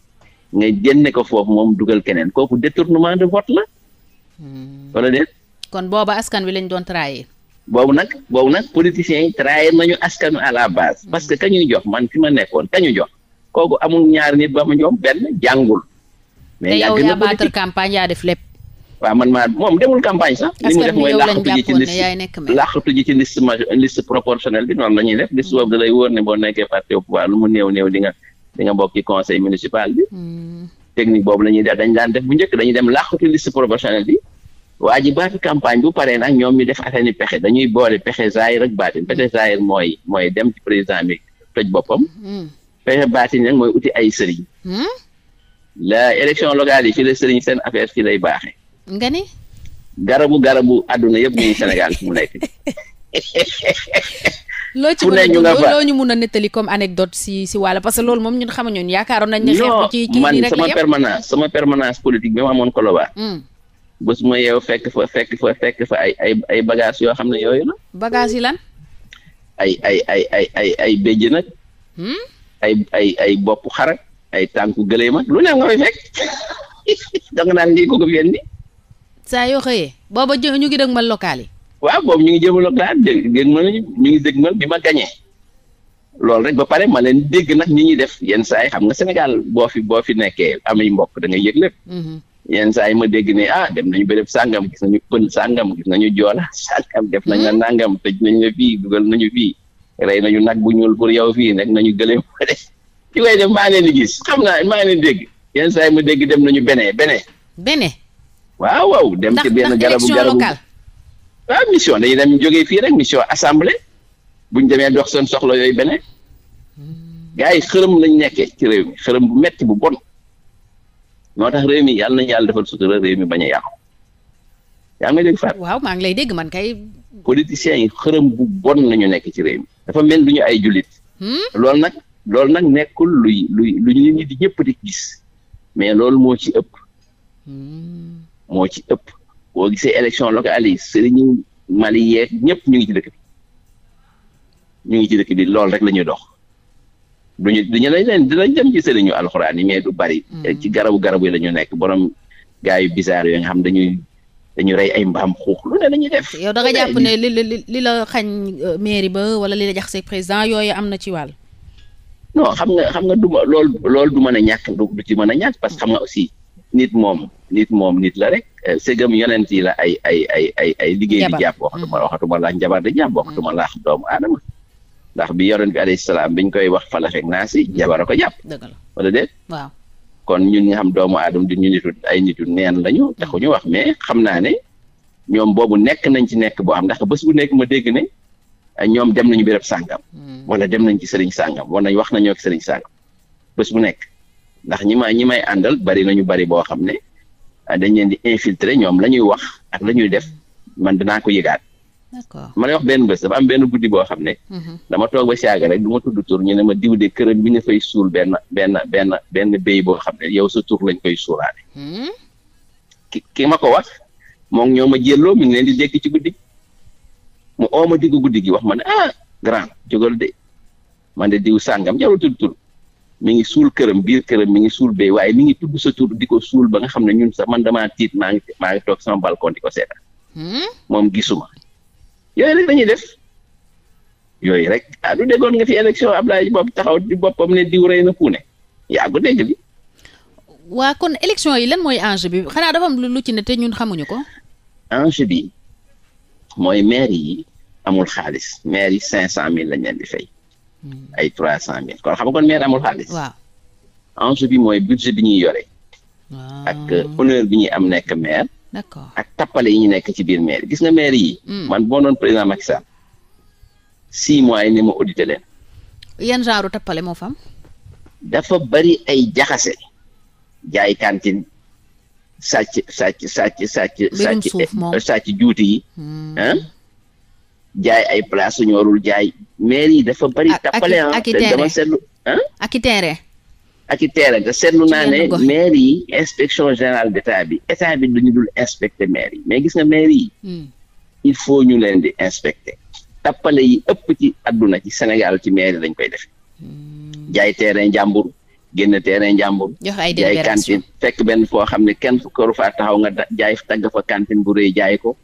nga génne ko foofu moom dugal keneen kooku détournement de vote la hmm. wala de kon booba askan wi lañu doon trahir boobu nag boobu nag politiciens yi trahir nañu askanu à la base parce que kañuy jox man fi ma nekkoon kañu jox kooku amul ñaari nit ba mu ñoom benn jàngul. mais yow yaa def lépp. waaw man maa moom demul campagne sax. li mu def mooy làqatu ji ci liste làqatu ji ci liste ma bi noonu la ñuy def liste boobu da lay wóor ne boo nekkee parti au pouvoir lu mu néew néew di nga di hmm. la ñuy def dañ daan def bu njëkk dañuy dem làqatu liste proportionnelle bi. waa ji baatu campagne bu paree nag ñoom ñu def atani pexe dañuy boole pexe zaahir ak baatin pexe zaahir mooy mooy dem ci président bi toj boppam. Hmm. pexe baatin nag mooy uti ay sëriñ. Hmm? la élection locale yi ci la sëriñ seen affaire ci lay baaxe nga ni. garabu garabu àdduna yëpp ñu Sénégal fu mu nekk. (laughs) loo ci mën a loo ñu mun a nettali comme anecdote si si wàll parce que loolu moom ñun xamuñu ñun yaakaaroon nañ ne xeex ko sama permanence sama permanence politique bi ma amoon Colobane. Hmm. fekk fa fekk fa fekk fa ay ay ay bagages yoo xam ne yooyu la. bagages yi lan. ay ay ay ay ay ay nag. Hmm? ay ay ay bopp xara ay tànku gëléema lu ne nga fay fekk (laughs) danga naan lii ko saa yoo xëyee booba ñu ngi dëgmal local yi waaw boobu ñu ngi jëmal local dëgmal ñu ngi dëgmal bi ma gañee loolu rek ba pare ma leen dégg nag ni ñuy def yenn saa yi xam nga Sénégal boo fi boo fi nekkee amay mbokk da ngay yëg lépp mhm. yenn ma dégg ne ah dem nañu béréb sàngam gis nañu pël sàngam gis nañu joola (laughs) sàngam def nañ mhm. la nañ la nañu fii rey nañu nag bu ñuul pour yow fii rek nañu gëléem (laughs) ci koy def maa leen di gis xam naa maa leen dégg yenn saa ma dégg dem nañu bene bene. bene. waaw waaw dem benn garabu garabu waaw mission dañuy dem jógee fii rek mission assemblée buñ demee dox seen soxla yooyu bene gars yi xërëm lañ nekkee ci réew mi bu metti bu bon moo tax réew mi yàlla nañu yàlla defal sutura mi a yàqu yaa ngi may dégg waaw maa ngi lay dégg man kay. politiciens yi xërëm bu bon nañu nekk ci réew mi. dafa mel lu ñu ay jullit. Hmm? loolu nag loolu nag nekkul luy luy lu ñu nit ñëpp di gis mais loolu moo ci ëpp. Hmm. moo ci ëpp boo gisee élection locale yi sëriñu Mali ñëpp ñu ngi ci dëkk bi ñu ngi ci dëkk bi lool rek la ñuy dox. duñu duñu lañ leen dinañ dem ci sëriñu alxuraan yi mais du bari. Hmm. ci garabu garabu yi la nekk borom gaa yu bizarre yoo nga xam dañuy dañu rey ay mbaam xuux lu ne la ñuy def. yow da nga jàpp ne li la xañ euh, mairie ba wala li la jaxasee président yooyu am na ci wàll. non xam nga xam nga du ma loolu loolu du mën a ñàkk du ci mën a ñàkk parce que xam nga aussi nit moom nit moom nit la rek euh, sëgam yonent yi la ay ay ay ay ay liggéey di jàpp waxatuma mm. waxatuma laax njabar di jàpp waxatuma laax doomu aadama ndax bi yonent bi alayhi salaam biñ koy wax falaxeek naa si njabara ko jàpp wala déet waaw kon ñun nga xam doomu aadama di ñu nitu ay nitu neen lañu taxuñu wax mais xam naa ne ñoom boobu nekk nañ ci nekk boo xam ndax bés bu nekk ma dégg ne ñoom dem nañu béréb sàngam hmm. wala dem nañ ci sëriñ sàngam wala wax nañoo ak sëriñ sàngam bés bu nekk ndax ñi ma ñi may àndal bari nañu bari boo xam ne dañ leen di infiltrer ñoom la ñuy wax ak la ñuy def man danaa ko yëgaat d'accord ma lay wax benn bés dafa am benn guddi boo xam ne. Mhm. dama toog ba saaga rek du ma tudd tur ñu ne ma diw de këram bi ñu fay suul benn benn benn benn béy boo xam ne yow sa tur lañ koy suulaale. Hmm? ki ma ko wax moom ñoo ma jëlloo mi ngi leen di dekk ci guddi mu oo ma digg guddi gi wax ma ne ah grand jógal de man de diw sàngam jarul tudd tur mi ngi suul këram biir këram mi ngi suul béy waaye mi ngi tudd sa tur di ko suul ba nga xam ne ñun sax man damaa tiit maa ngi maa ngi toog sama di ko seetaan. Hmm? yooyu rek dañuy def yooyu rek ah du deggoon nga fi ab Ablaye bopp taxaw di boppam ne diw rey na kuune yaa ko dégg bi waa kon élection yi lan mooy enjeu bi xanaa dafa am lu ci ne te ñun xamuñu ko. enjeu bi mooy maire yi amul xaalis maire yi cinq cent mille lañ leen di fay. Hmm. ay trois cent mille kon xam nga kon maire amul xaalis. waaw bi mooy budget bi ñuy yore. Ah. ak honneur bi ñuy am nekk maire. d'accord ak tappale yi ñu nekk ci biir maire gis nga maire yi. Hmm. man boo doon président Macky Sall six mois yi ne ma audité leen. yan genre tappale moo fam dafa bari ay jaxase. jaay kantin sàcc sàcc sàcc sàcc. mbirum suuf moom eh, juuti yi. Hmm. jaay ay place ñorul jaay. maire yi dafa bari tappale ah. ak i terrain ak i teera ga seetlu naa ne maire yi inspection générale d'état bi état bi duñu dul inspecter maire yi mais gis nga maire yi hmm. il faut ñu leen di inspecter tappale yi ëpp ci àdduna ci Sénégal ci maire yi lañ koy defe hmm. jaay terrain jàmbur génn terrain jàmbur jaay cantine fekk benn foo xam ne kenn fu këru faa taxaw nga jaay tagga fa cantine bu rëy jaay ko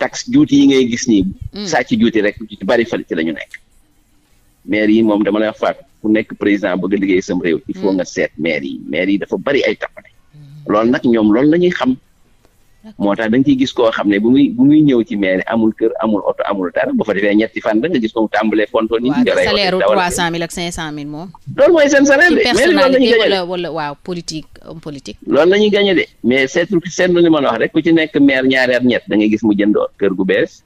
tax juuti yi ngay gis nii hmm. ci juuti rek ci bari fële ci la nekk maire yi moom dama lay wax faatu ku nekk président bëgg a liggéey sam réew il faut mm. nga seet maire yi maire yi dafa bari ay tappale mm-hmm. loolu nag ñoom loolu la ñuy xam moo tax da nga gis koo xam ne bu muy bu muy ñëw ci maire amul kër amul oto amul dara bu fa defee ñetti fan da nga gis ko mu tàmbalee fonto nit ñi yore salaire u trois cent mille ak cinq cent mille moom loolu mooy seen salaire de personnalité wala wala waaw politique loolu la ñuy gagné de mais seetlu seetlu li ma wax rek ku ci nekk maire ñaari at ñett da ngay gis mu jënd kër gu bees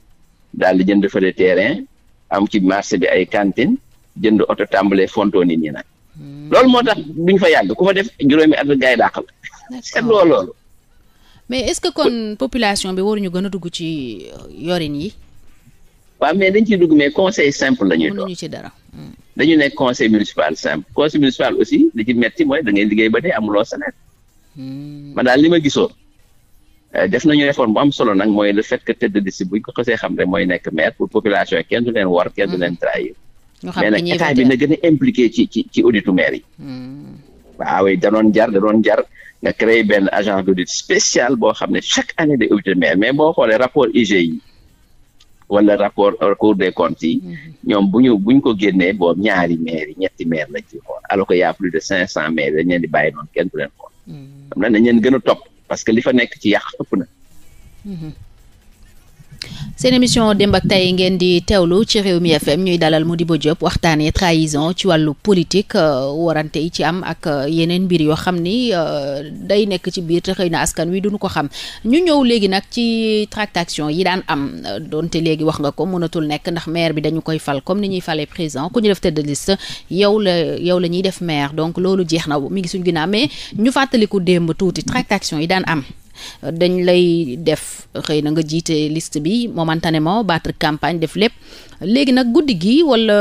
daal di jënd fële terrain am ci marché bi ay cantine jënd oto tàmbalee fontoon nit ñi nag loolu moo tax duñ fa yàgg ku fa def juróomi at gaay dàq la seetloo loolu mais est-ce que kon population bi waruñu gën a dugg ci euh, yorin yi waaw mais dañ ciy dugg mais conseil simple la ñuy doon mënuñu hmm. dañu nekk conseil municipal simple conseil municipal aussi li ci metti mooy da ngay liggéey ba dee amuloo salaire hmm. man daal li ma gisoo euh, def nañu réforme bu solo nag mooy le fait que tête de liste buñ ko xasee xam rek mooy nekk maire pour population kenn du leen war kenn du hmm. leen mais nag état bi na gën a impliqué ci ci ci auditu maire yi. Hmm. waaw da doon jar da doon jar nga créé benn agence d'audit spécial boo xam ne chaque année day auditer maire mais boo xoolee rapport IGE yi wala rapport euh, Cour des comptes yi. Hmm. ñoom bu ñu bu ko génnee boobu ñaari maire ñetti maire lañ ciy xool alors que y' plus de cinq cent maires dañ leen di bàyyi noonu kenn du na hmm. dañ leen gën a topp parce que li fa nekk ci yàq ëpp na. seen émission démb ak tay ngeen di teewlu ci réew mi FM ñuy dalal di Modibo Diop waxtaanee traison ci wàllu politique euh, warante yi ci am ak euh, yeneen mbir yoo xam ni euh, day nekk ci biir te xëy na askan wi duñu ko xam ñu ñëw léegi nag ci tractation yi daan am donte léegi wax nga ko mënatul nekk ndax maire bi dañu koy fal comme ni ñuy falee président ku ñu def tête de liste yow la yow la ñuy def maire donc loolu jeex na mi ngi suñ ginnaaw mais ñu fàttaliku démb tuuti tractation yi daan am. dañ lay def xëy na nga jiite list bi momentanément battre campagne def lépp léegi nag guddi gi wala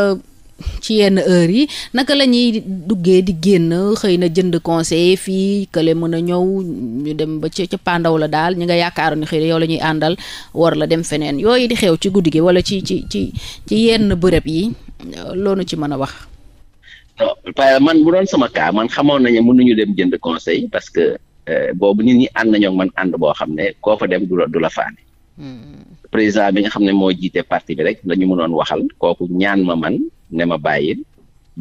ci yenn heure yi naka la ñuy duggee di génn xëy na jënd conseil fii kële mën a ñëw ñu dem ba ca ca pàndaw la daal ñu nga yaakaaroon ni xëy yow lañuy àndal war la dem feneen yooyu di xew ci guddi gi wala ci ci ci ci yenn bërëb yi loolu ci mën a wax. non man bu doon sama cas man xamoon nañu mënuñu dem jënd conseil parce que. Eh, boobu nit ñi ànd nañoo man ànd boo xam ne koo fa dem du la du la faane mm-hmm. président bi nga xam ne moo jiite parti bi rek la ñu mënoon waxal kooku ñaan ma man ne ma bàyyil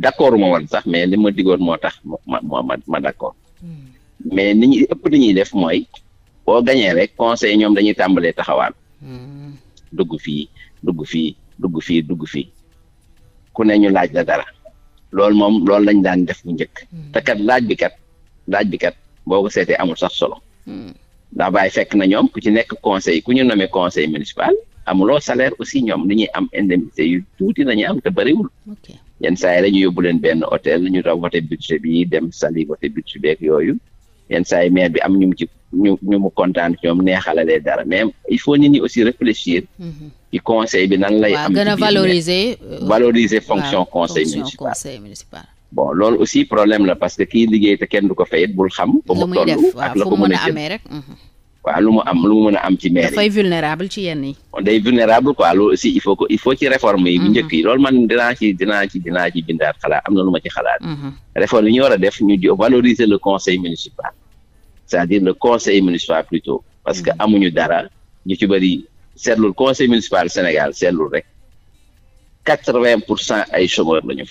d'accord ma woon sax mais li ma digoon moo tax ma ma ma d'accord mm-hmm. mais ni ñuy ëpp ni ñuy def mooy boo gañee rek conseil ñoom dañuy tàmbalee taxawaan mm-hmm. dugg fii dugg fii dugg fii dugg fii ku ne ñu laaj la dara loolu moom loolu lañ daan def bu njëkk te kat laaj bi kat laaj bi kat boo ko seetee amul sax solo hmm. ndax bàyyi fekk na ñoom ku ci nekk conseil ku ñu nommé conseil municipal amuloo salaire aussi ñoom li ñuy am indemnité yu tuuti nañu am te bëriwul yenn saa yi ñu yóbbu leen benn hôtel ñu daw voté budget bi dem sali voté budget beeg yooyu yenn saa yi maire bi am ñu ci ñu ñu mu kontaan ñoom neexalalee dara mais il faut nit ñi aussi réfléchir hmm. ci conseil bi nan lay am gën a valoriser euh, valoriser fonction conseil municipal bon loolu aussi problème la parce que kii liggéey te kenn du ko fayit bul xam. ba mu toll ak la ko mën a amee rek. Mhm. waaw lu mu am lu mu mën a am ci maire yi dafay vulnérable ci yenn yi. day vulnérable quoi loolu aussi il faut que il ci réforme yi. bu mhm. njëkk yi loolu man dinaa ci dinaa ci dinaa ci xalaat am na lu ma ci xalaat. Mhm. réforme yi ñu war def ñu di valoriser le conseil municipal. c'est-à-dire le conseil municipal plutôt. parce que amuñu dara ñu ci bëri seetlul conseil municipal Sénégal seetlul rek quatre-vingt pour cent ay chômeurs la ñu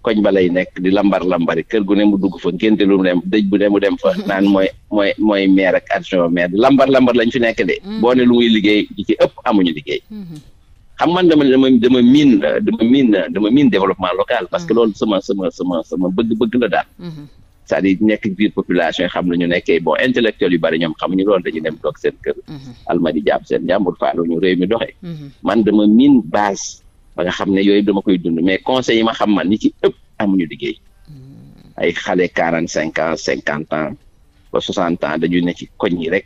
koñ ba lay nekk di lambar lambari kër gu ne mu dugg fa ngénte lu mu dem dëj bu ne mu dem fa mm-hmm. naan mooy mooy mooy maire ak adjoint maire di lambar lambar lañ fi nekk de. Mm-hmm. boo ne lu muy liggéey di ci ëpp liggéey. Mm-hmm. xam man dama miin dama miin parce que loolu sama sama sama bëgg-bëgg la daal. cest à nekk biir population yi xam nañu nekkee bon yu bari ñoom xamuñu loolu dañu dem toog seen kër. almadi jàpp seen jàmbur faalu ñu réew mi doxee. man dama miin base. ba nga xam ne yooyu dama koy dund mais conseil yi ma xam man ñi ci ëpp amuñu liggéey ay xale quarante cinq ans cinquante ans ba soixante ans dañuy ne ci koñ yi rek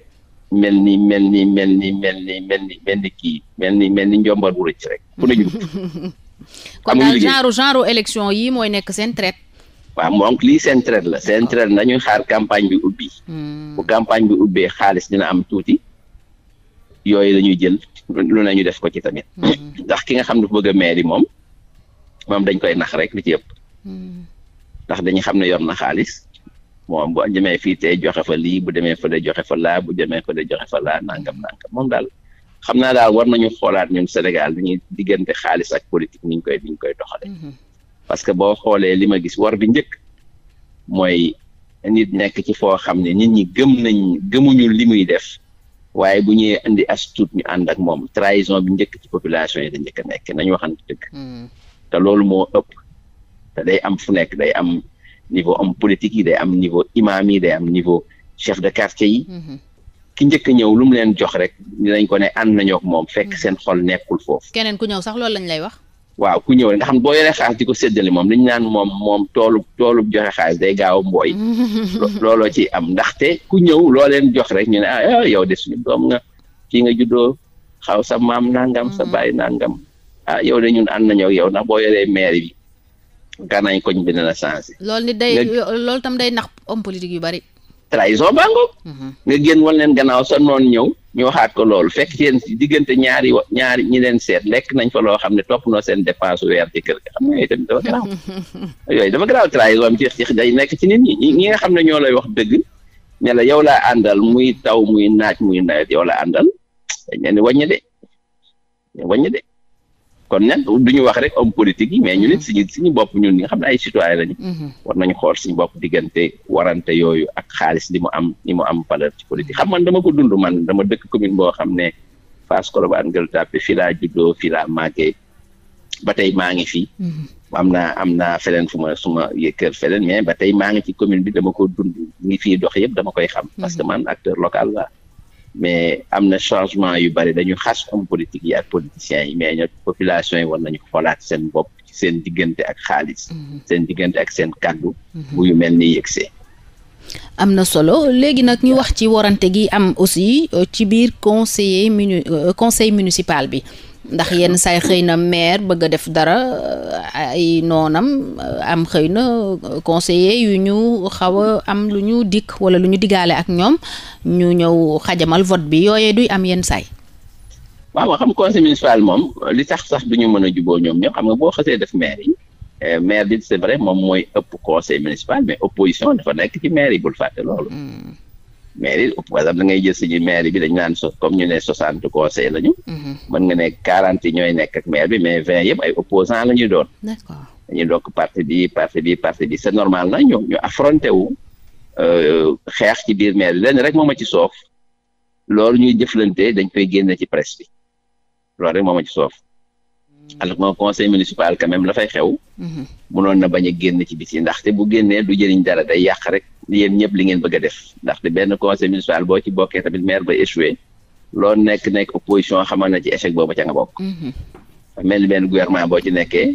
mel ni mel ni mel ni mel ni mel ni kii mel ni mel ni njombar bu rek fu ne ñu (laughs) kon daal genre mooy nekk seen traite waaw moom lii seen traite la seen traite nañuy xaar campagne bi ubbi hmm. bu campagne bi ubbee xaalis dina am tuuti yooyu lañuy jël lu ñu def ko ci tamit. Hmm. ndax ki nga xam ne bëgg a mairie moom moom dañ koy nax rek li ci yëpp. Hmm. ndax dañu xam ne yor na xaalis moom boo demee fii te joxe fa lii bu demee fa de joxe fa laa bu demee fa de joxe fa laa nangam nangam moom daal xam naa daal war nañu xoolaat ñun Sénégal dañuy diggante xaalis ak politique niñ koy ni koy doxale hmm. parce que boo xoolee li ma gis war bi njëkk mooy nit nekk ci foo xam ne nit ñi gëm nañ gëmuñu li muy def waaye bu ñëwee indi as tuut ñu ànd ak moom trahison bi njëkk population yi da njëkk a nekk nañu waxante dëgg. Hmm. te loolu moo ëpp te day am fu nekk day am niveau homme politique yi day am niveau imam yi day am niveau chef de quartier yi. Hmm. ki njëkk ñëw lu mu leen jox rek dinañ ko ne ànd nañoo ak moom fekk hmm. seen xol nekkul foof keneen ku ñëw sax loolu lañ lay wax. waaw ku ñëw nga xam boo yoree xaalis di ko séddale moom li naan moom moom toolub toolub joxe xaalis day gaaw a mbooy (laughs) looloo ciy am ndaxte ku ñëw loo leen jox rek ñu ne ah eh, yow de suñu doom nga kii nga juddoo xaw sa maam nangam sa mm. baay nangam a ah, yow de ñun ànd nañoo yow ndax boo yoree maire bi gànnaay koñ bi dana changé. loolu ni day loolu tam day nax om politique yu bari. trahison baa ngoog. Mm-hmm. nga génn wal leen gannaaw sa moon ñëw. ñu waxaat ko loolu fekk seen diggante ñaari wa ñaari ñi leen seet lekk nañ fa loo xam ne topp noo seen dépense weer ci kër ga xam nga yooyu tamit dafa garaaw (laughs) yooyu dafa garaaw day nekk ci nit ñi ñi nga xam ne ñoo lay wax dëgg ne la yow laa àndal muy taw muy naaj muy nawet yow la àndal dañ leen di wàññi de wàññi de kon nag du ñu wax rek homme politique yi mais ñu nit mm-hmm. suñu suñu bopp ñun ñi nga xam ne ay citoyen lañu. Mm-hmm. war nañu xool suñu bopp diggante warante yooyu ak xaalis li mu am li mu am valeur ci politique xam man dama ko dund man dama dëkk commune boo xam ne Fass Colobane Gueule Tapée fii laa juddoo fii laa màggee ba tey maa ngi fii. Mm-hmm. am naa am naa feneen fu ma su ma kër feneen mais ba tey maa ngi ci commune bi dama ko dund ngi fii dox yëpp dama koy xam. parce que man acteur local la mais am na changement yu bari dañu xas homme politique yi ak politiciens yi mais ñoo population yi war nañu xoolaat seen bopp ci seen diggante ak xaalis. Mhm. seen diggante ak seen kàddu. Mhm. bu yu mel ni yegsee. am na solo léegi nag ñu wax ci warante gi am aussi euh, ci biir conseiller muni euh, conseil municipal bi. ndax yenn saay xëy na maire bëgg a def dara euh, ay noonam euh, am xëy na conseiller yu ñu xaw a am lu ñu dikk wala lu ñu digaale ak ñoom ñu ñëw xajamal vote bi yooye duy am yenn saay waaw xam conseil municipal moom li tax sax du ñu mën a juboo ñoom ñoo xam nga boo xasee def maire yi eh, maire bi c'est vrai moom mooy ëpp conseil municipal mais opposition dafa nekk ci maire yi bul fàtte loolu hmm. mairie wala da ngay jël suñu mairie bi dañu naan so comme ñu ne soixante conseil la ñu. Mhm. mën nga ne quarante ñooy nekk ak maire bi mais vingt yëpp ay opposants la ñuy doon. d'accord dañuy dokk parti bi parti bi parti bi c'est normal na ñu ñu euh, xeex ci biir mairie lenn rek moom ma ci soof loolu ñuy jëflante dañ koy génne ci presse bi lool rek moom ma ci soof. Mhm. alors que conseil municipal quand même la fay xew. mënoon mhm. na bañ a génn ci biti ndaxte bu génnee du jëriñ dara day yàq rek. yéen ñëpp li ngeen bëgg a def ndaxte benn conseil municipal boo ci bokkee tamit maire ba échoué loolu nekk nekk opposition xamal na ci échec boobu ca nga bokk. Mhm. mel ni benn gouvernement boo ci nekkee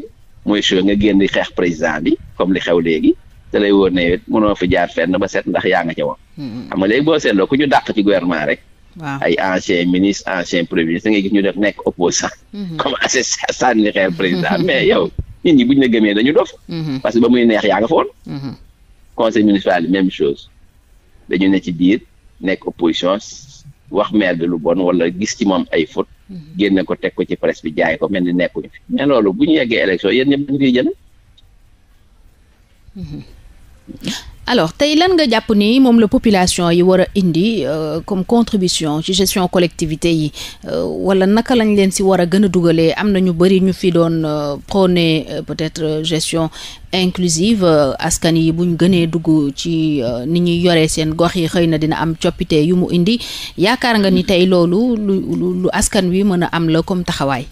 mooy échoué nga génn xeex président bi comme li xew léegi te lay wóor ne it mënoo fi jaar fenn ba set ndax yaa nga ca woon. Mhm. xam nga léegi boo seetloo ku ñu dàq ci gouvernement rek. waaw ay ancien ministre ancien premier ministre nga gis ñu def nekk opposant mhm. (laughs) comme (laughs) conseil municipal bi même chose dañu ne ci biir nekk opposition wax maire bi lu bon wala gis ci moom ay faute mhm. génne ko teg ko ci presse bi jaay ko mel ni nekkuñu fi mais bu ñu yeggee élection yéen ñëpp dañu fiy jële alors tey lan nga jàpp nii moom la population yi war a indi euh, comme contribution ci gestion collectivité yi euh, wala naka lañ leen si war a gën a dugalee am na ñu bëri ñu fi doon euh, prôné peut-être gestion inclusive askan yi buñ gënee dugg ci ni ñuy yoree seen gox yi xëy na dina am coppite yu mu indi yaakaar nga ni tey loolu lu lu askan wi mën a am la comme taxawaay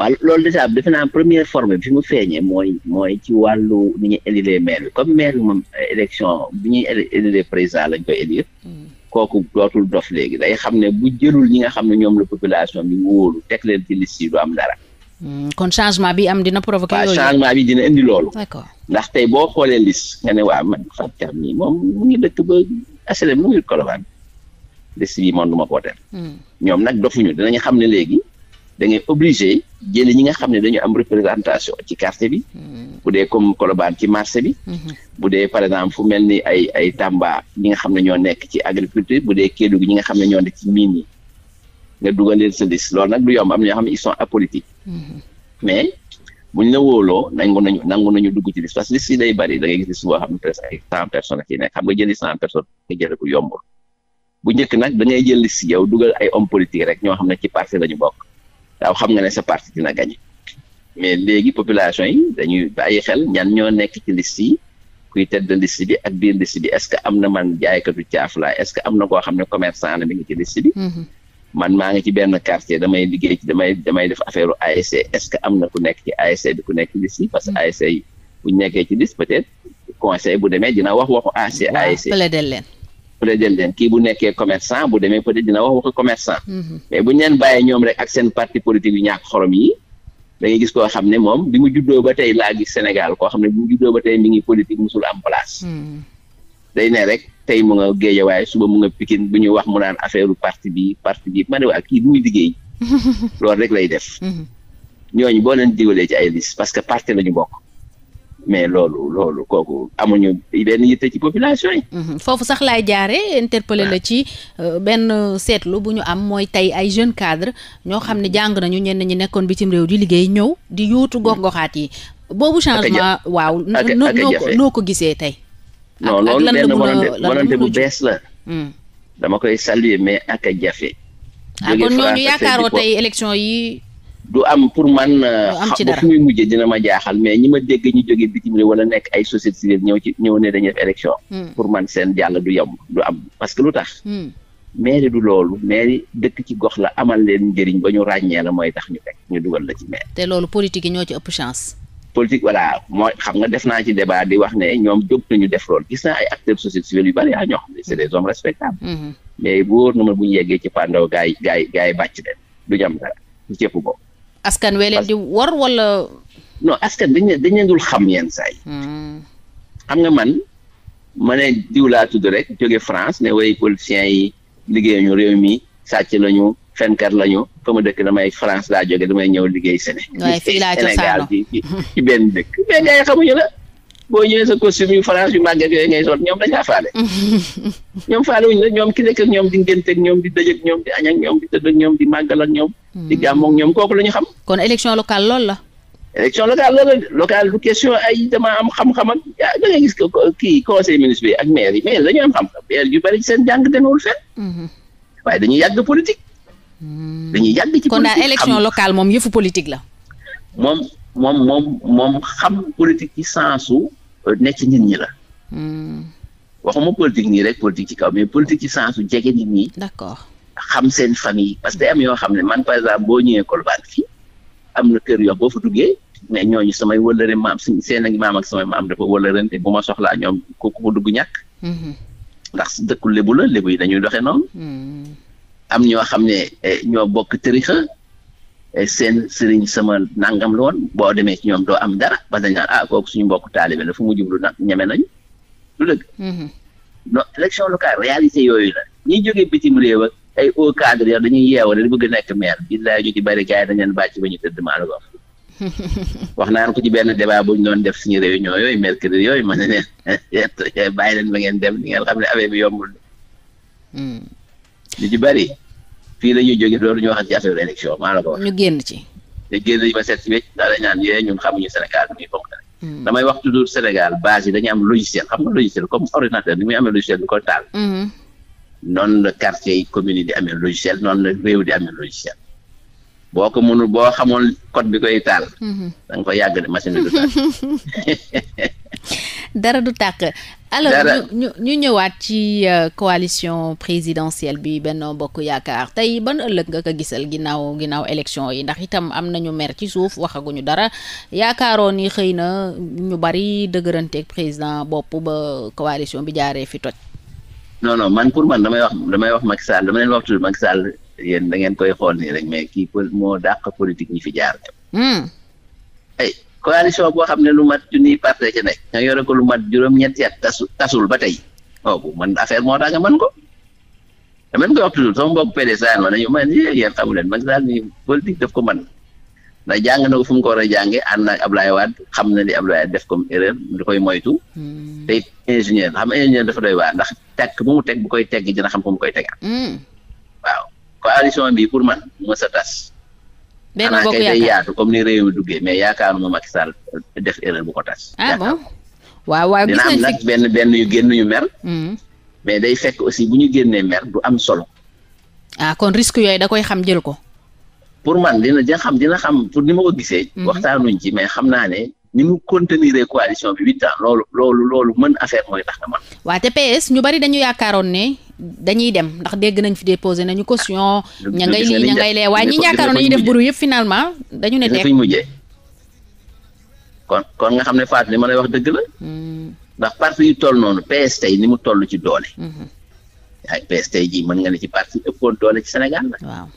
waaw loolu déjà defe naa première forme bi fi mu feeñee mooy mooy ci wàllu ni ñu élire maire comme maire bi moom euh, élection bi ñu élire président lañ koy élire mm. kooku dootul dof léegi day xam ne bu jëlul ñi nga xam ne ñoom la population bi wóolu teg leen ci liste yi du am dara. Mm, kon changement bi am dina provoqué. loolu changement bi dina indi loolu. d'accord ndax tey boo xoolee liste nga ne waa man Fatou Thiam moom mu ngi dëkk ba asile mu ngi Colobane liste bi moom du ma ko mm. ñoom nag dofuñu dinañ léegi. da ngay obligé jëli ñi nga xam ne dañu am représentation ci quartier bi. Hmm. bu dee comme Colobane ci marché bi. Hmm. bu dee par exemple fu mel ni ay ay Tamba ñi nga xam ne ñoo nekk ci agriculture bu dee Kédougou ñi nga xam ne ñoo nekk ci mine yi nga dugal leen sa liste loolu nag du yomb am na ñoo xam ne ils sont apolitiques. Hmm. mais buñ la wóoloo nangu nañu nangu nañu dugg ci liste parce que yi day bari da ngay gis liste boo xam ne presque nekk xam nga jëli sant personnes nga jëlee ko yombul bu njëkk nag da ngay jël liste dugal ay hommes rek ñoo xam ne ci parti la ñu bokk. daaw xam nga ne sa parti dina gagné mais léegi population yi dañuy bàyyi xel ñan ñoo nekk ci liste yi kuy tedd liste bi ak biir liste bi est que am na man jaaykatu caaf laa est-ce que am na koo xam ne commerçant la mi ngi ci liste bi. Mhm. man maa ngi ci benn quartier damay liggéey ci damay damay def affaire ASC est-ce am na ku nekk ci ASC bi ku nekk ci liste parce que mhm. ASC yi bu nekkee ci liste peut-être conseil bu demee dina wax waxu ASC. ASC waaw peut être kii bu nekkee commerçant bu demee peut être dina wax waxu commerçant. Mhm. mais bu ñu leen bàyyee ñoom rek ak seen parti politique yu ñàkk xorom yi. da gis koo xam ne moom bi mu juddoo ba tey laa gis Sénégal koo xam ne bi mu juddoo ba tey mi ngi politique musul am place. Hmm. day ne rek tey mu nga Géejawaay suba mu nga Pikine bu ñu wax mu naan affaire parti bi parti bi ma ne waa kii du muy liggéey. (laughs) loolu rek lay def. Hmm. ñooñu boo leen digalee ci ay liste parce que parti la ñu bokk. mais loolu loolu kooku amuñu benn yitte ci population yi. Mhm. foofu sax laay jaare interpeller la ci euh, benn euh, seetlu bu ñu am mooy tey ay jeunes cadres ñoo xam ne mhm. jàng nañu ñenn ñi nekkoon bitim réew di liggéey ñëw di yuutu mhm. gox-goxaat yi. boobu changement waaw noo ko ko gisee tey. non loolu benn volonté bu bees la. Hmm. dama koy saluer mais ak a jafe. ah kon ñooñu yaakaaroo tey élection yi. du am pour man. Euh, xam ba fu muy mujjee dina ma mais ñi ma dégg ñu jógee bitim réew wala nekk ay société civile ñëw ci ñëw ne dañuy def élection. Hmm. pour man seen jàll du yomb du am parce lu tax. Hmm. mairie du loolu mairie dëkk ci gox la amal leen njëriñ ba ñu ràññee la mooy tax ñu ñu dugal la ci mairie. te loolu politique yi ñoo ci ëpp chance. politique voilà mooy xam def naa ci débat di wax ne ñoom jóg nañu def loolu gis naa ay acteurs société civile yu bari yaa ah, ñoo xam ne c'est hmm. na ma bu ñu yeggee ci pàndaw gaay gaay gaay bàcc leen du jàmm dara du cëpp boobu. askan wee leen di war wala. non askan dañ leen dañ leen dul xam yenn say am hmm. xam nga man ma ne diw laa tudd rek jóge France ne way politiciens yi ñu réew mi sàcc lañu fenkat lañu fa ma dëkk damay France laa jóge damay ñëw liggéey Sénégal. waaye fii laa cosaanoo Sénégal ci benn dëkk mais gars xamuñu la. boo ñëwee sa costume yu France yu màgget yooyu ngay sol ñoom dañ laa faale. (laughs) ñoom faale wuñ la ñoom ki nekk ñoom di ngénte ak ñoom di dëj ak ñoom di añ ak ñoom di tëdd ñoom di màggal ak ñoom. Hmm. di gàmm ñoom kooku la ñu xam. kon élection locale loolu la. élection locale loolu locale du question ay dama am xam-xam ak gis ko kii conseil ministre bi ak yi maire dañu am xam seen jàng demewul fenn. Hmm. waaye dañuy yàgg politique. Hmm. dañuy yàgg ci kon daal élection locale moom yëfu politique la. moom moom moom moom xam politique ci sensu Euh, nekk nit ñi la. Hmm. waxuma politique nii rek politique ci kaw mais politique ci sens u jege nit ñi. d'accord xam seen famille parce que am yoo xam ne man par exemple boo ñëwee Colobane fii am na kër yoo boo fa duggee mais ñooñu samay wëllëre maam seen ak maam ak samay maam dafa wëllërante bu ma soxlaa ñoom ku ko dugg ñàkk. Hmm. ndax dëkku lébu la lébu yi dañuy doxe noonu. Hmm. am ñoo xam ne eh, ñoo bokk tarixa Eh, seen sëriñ sama nangam la boo demee ci ñoom doo am dara ba dañ naan ah, kooku suñu mbokk taalibe la fu mu jublu nag ñeme nañu lu dëgg. Mm-hmm. non élection locale réalité yooyu la ñi jógee bitim réew ak ay haut cadre yow dañuy yeewu dañu bëgg nekk maire billaay ñu ci bari gars yi dañ leen bàcc ba ñu tëdd maa la ko wax (laughs) naan ko ci benn débat bu ñu doon def suñu réunion yooyu mercredi yooyu ma ne leen (laughs) bàyyi leen ba ngeen dem di ngeen xam ne affaire bi yombul. Mm. li ci bari. fii la ñuy jógee loolu ñoo xam ci affaire élection maa la ko wax. ñu génn ci. te génn ñu ba seet si wécc daal dañu naan yee ñun xamuñu Sénégal muy bokk rek. Hmm. damay wax toujours Sénégal base yi dañuy am logiciel xam nga logiciel comme ordinateur ni muy amee logiciel bi ko taal. Hmm. noon la quartier yi commune yi di amee logiciel noon la réew di amee logiciel. boo ko mënul boo xamoon code bi koy taal. Hmm. da ko yàgg de machine bi du (laughs) (laughs) dara du tàkk alors ñu ñëwaat ci euh, coalition présidentielle bi benn Bokk Yaakaar tey ban ëllëg nga ko gisal ginnaaw ginnaaw élection yi ndax itam am nañu mer ci suuf waxaguñu dara yaakaaroon ni xëy na ñu bari dëgëranteeg président bopp ba coalition bi jaaree fi toj. non non man pour man damay wax damay wax Macky Sall dama leen wax tuuti Macky Sall yéen da ngeen koy xool nii rek mais kii moo dàq politique ñi fi jaar. Hmm. ay coalition boo xam ne lu mat junniy parti ci nekk nga yore ko lu mat juróom-ñetti at tasu tasul ba tey kooku man affaire moo tax nga mën ko man koy wax toujours sama mbokk PDS ma nañu man leen Macky Sall ni politique daf ko mën ndax jàng na ko fu mu ko war a jànge ànd ak Ablaye Wade xam na li Ablaye Wade def comme erreur du koy moytu hmm. te ingénieur xam ingénieur dafa doy waar ndax tekk bu mu teg bu koy tegg dina xam fu mu koy tegaat hmm. waaw coalition bi pour man moo sa tas benn bokk yaakaar day yaatu comme ni réew mi duggee mais yaakaaruma Macky Sall def erreur bu ko tas. ah waaw waaw gis nañ dina am nag benn benn yu génn yu mer. Hmm. mais day fekk aussi bu ñu génnee mer du am solo. ah kon risque yooyu da koy xam jël ko. pour man dina dina xam dina xam pour ni ma ko gisee. Hmm. waxtaanuñ ci mais xam naa ne. ni mu contenir coalition bi huit ans loolu loolu loolu mën affaire mooy tax na man. waa te PS ñu bari dañu yaakaaroon ne dañuy dem ndax dégg nañ fi déposé nañu caution ña ngay lii ña ngay lee waaye ñi yaakaaroon nañu def buru yëpp finalement dañu ne teg mujjee kon kon nga xam ne Fatou li ma lay wax dëgg la hmm. ndax parti yu toll noonu PS tey ni mu toll ci doole hmm. ay PS tey jii mën nga ne ci parti ëppoon doole ci Sénégal la waaw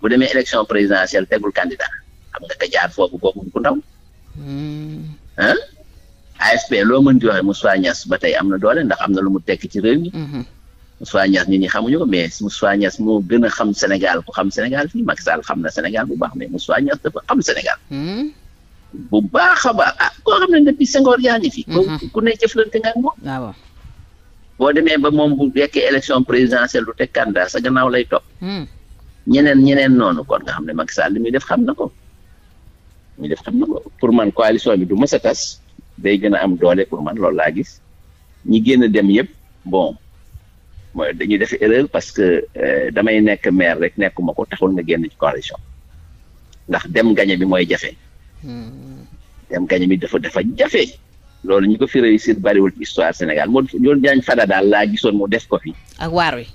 bu demee élection présidentielle tegul candidat xam nga ka jaar foofu kooku ku ndaw hmm. ah AFP loo mën di waxee Moussa Niass ba tey am na doole ndax am na lu mu tekk ci réew mi Moustapha Niass nit ñi xamuñu ko mais Moustapha Niass moo gën a xam Sénégal ku xam Sénégal fii Macky saal xam na Sénégal bu baax mais Moustapha Niass dafa xam Sénégal. Hmm? bu baax a baax ah koo xam ne depuis yaa ngi fi. Hmm, hmm. ku ne jëflante nga ak moom. Ah, waaw boo demee ba moom bu fekkee élection présidentielle du teg sa gannaaw lay topp. ñeneen ñeneen noonu kon xam ne Macky Sall li muy def xam na ko. muy def xam na ko pour man coalition bi du mës a tas day gën a am doole pour man loolu laa gis ñi génn dem yëpp bon. mooy dañuy def erreur parce que euh, damay nekk maire rek nekkuma ko taxul nga génn ci coalition ndax dem gañe bi mooy jafe dem gañe bi dafa dafa jafe loolu ñu ko fi réussir bariwul ci histoire Sénégal moo ñoon jaañ fada daal laa gisoon mu def ko fi ak waar wi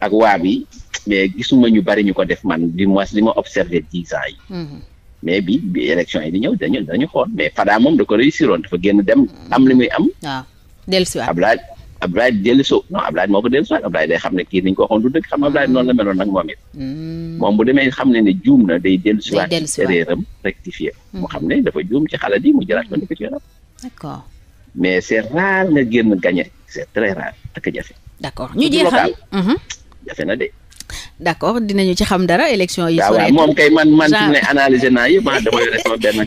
ak waa bi mais gisuma ñu bari ñu ko def man du moins li ma observé dix ans yi mm-hmm. mais bi bi élection yi di ñëw dañu dañu xool mais fada moom da ko réussiroon dafa génn dem am li muy am waaw dellusiwaat Abdoulaye dellu soo non Abdoulaye moo ko dellu soo Abdoulaye day xam ne kii niñ ko waxoon du dëgg xam nga Abdoulaye noonu la meloon nag moom it mm. moom bu demee xam ne ne juum na day dellu siwaat réeram rectifier mm-hmm. mu xam ne dafa juum ci xalaat yi mu jëlaat ko nekk ci yoonam d'accord mais c'est rare nga génn gagné c'est très rare ak jafe d'accord ñu jeexal mm-hmm. jafe na de d' accord dinañu ci xam dara élection yi. waaw waaw moom kay man man fi mu ne analysé naa yëpp ah dama yore sama benn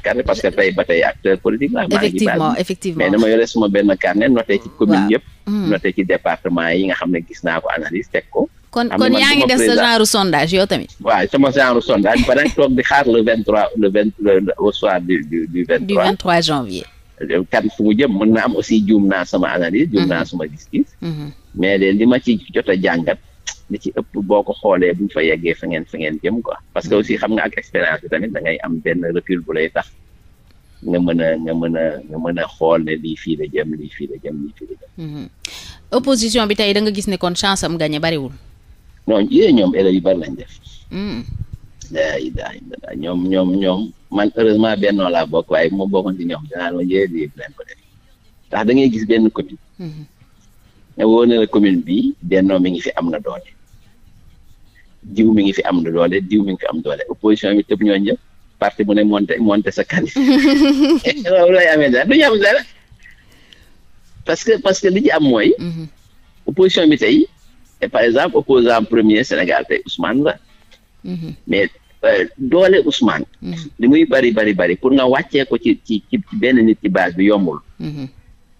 carnet parce que ci commune yëpp. Hmm. noté ci département yi nga xam ne gis naa ko analyse teg ko. kon kon yaa ngi def sa genre sondage yow tamit. waaw sama genre sondage ba nag toog di xaar le 23 le 20 au janvier. Euh, kan fu mu jëm mën na am aussi juum naa sama analyse. juum hmm. naa sama gis-gis. Hmm. mais li ma ci jot a jàngat. li ci ëpp boo ko xoolee bu fa yeggee fa ngeen fa ngeen jëm ko parce que aussi xam nga ak expérience bi tamit dangay am benn recul bu lay tax nga mën a nga mën a nga mën a xool ne fii la jëm lii fii la jëm lii fii mm-hmm. bi tey da nga gis ne kon chance am gañe bariwul. non yee ñoom erreur yu bari lañ def. day mm. day ñoom ñoom ñoom man heureusement bennoo laa bokk waaye moom bokkoon ci ñoom dinaa la yee lii ndax da ngay gis benn commune. Mm-hmm. nga wóor ne la commune bi bennoo mi ngi fi am na doole. diw mi ngi fi am doole diw mi ngi fi am doole opposition bi tëb ñoo ñëpp parti bu ne monté sa kan (laughs) du ñu am dara parce que parce que li ci am mooy mhm. bi tey par exemple opposant premier Sénégal tey Ousmane la mhm. mais euh, doole Ousmane mhm. li muy bari bari bari pour nga wàccee ko ci ci ci benn nit ci base bi yombul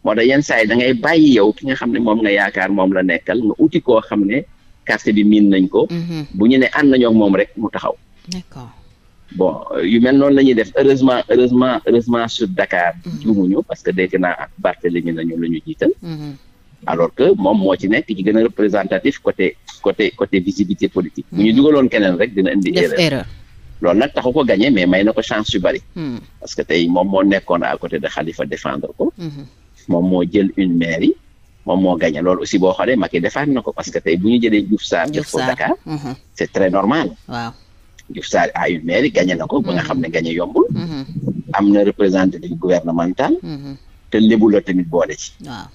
moo tax yenn saa yi da ngay bàyyi yow ki nga xam ne moom nga yaakaar moom la nekkal nga uti xam ne quartier bi miin nañ ko. Mhm. bu ñu ne ànd nañoo ak moom rek mu taxaw. d'accord bon euh, yu mel noonu la ñuy def heureusement heureusement heureusement sur Dakar. Mhm. ñu parce que dégg naa ak Barthélémy la ñu la ñu jiital. Mhm. alors que moom moo ci nekk ci gën a représentatif côté côté côté visibilité politique. bu ñu dugaloon keneen rek dina indi. def erreur loolu nag taxu ko gagné mais may na ko chance yu bari. parce que tey moom moo nekkoon à côté de Khalifa défendre ko. moom moo jël une yi moom moo gagné loolu aussi boo xoolee Macky defaat na ko parce que tey bu ñu jëlee Diouf Sarr def ko Dakar mm-hmm. c' est très normal waaw Diouf a une mairie gagné na ko ba nga xam ne mm-hmm. yombul mm-hmm. am na représentant du gouvernemental te lébu la tamit boole ci waaw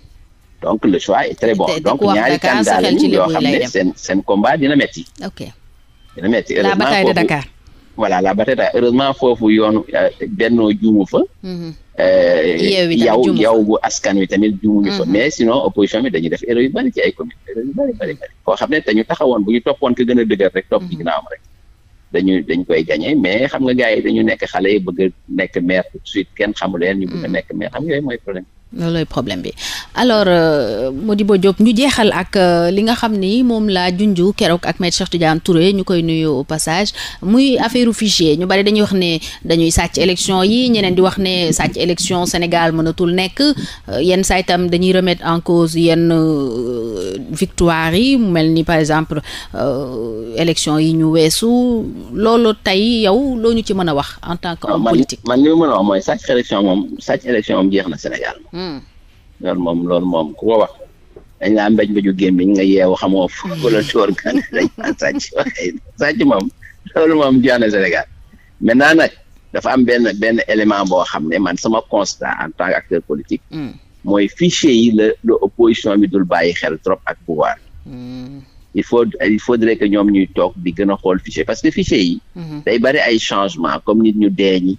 donc le choix est très bon donc ñaari candidat lañu yoo xam ne seen seen dina metti heureusement foofu yoonu euh, Benno juumu fa yow yow bu askan wi tamit juumuñu fa mm-hmm. mais sinon opposition bi dañu def erreur yu bari ci ay commune yu bari bari bari koo xam ne te ñu taxawoon bu ñu toppoon ko gën a dëgër rek topp ci mm-hmm. ginnaawam rek dañu dañ koy gagné mais xam nga gars yi dañu nekk xale yi bëgg nekk maire tout de suite kenn xamu leen ñu bëgg a mm-hmm. nekk maire xam nga yooyu mooy problème loolooy problème bi alors euh, Modibo Diop ñu jeexal ak euh, li nga xam ni moom laa junju keroog ak maître Cheikh Tidiane Touré ñu koy nuyu au passage muy affaire fichier ñu bari dañuy wax ne dañuy sàcc élection yi ñeneen di wax ne sàcc élection Sénégal mënatul nekk euh, yenn dañuy remettre en cause yenn euh, victoire yi mu mel ni par exemple euh, élection yi ñu weesu loolu tey yow loo ñu ci mën a wax en tant que homme politique man li ma mën a wax mooy sàcc élection moom sàcc élection moom jeex na Sénégal Hmm. loolu moom loolu moom ku ko wax dañ laa mbéj mbéju gémmiñ nga yeewu xamoo foofu hmm. la tóor kan dañ laa sàcc waaye sàcc moom loolu moom jeex na Sénégal maintenant nag dafa am benn benn élément boo xam ne man sama constat en tant qu'acteur politique hmm. mooy fichier yi la la opposition bi dul bàyyi xel trop ak pouvoir il faut il faudrait que ñoom ñuy toog bi gën a xool fichier parce que fichier yi day bari ay changement comme nit ñu deeñi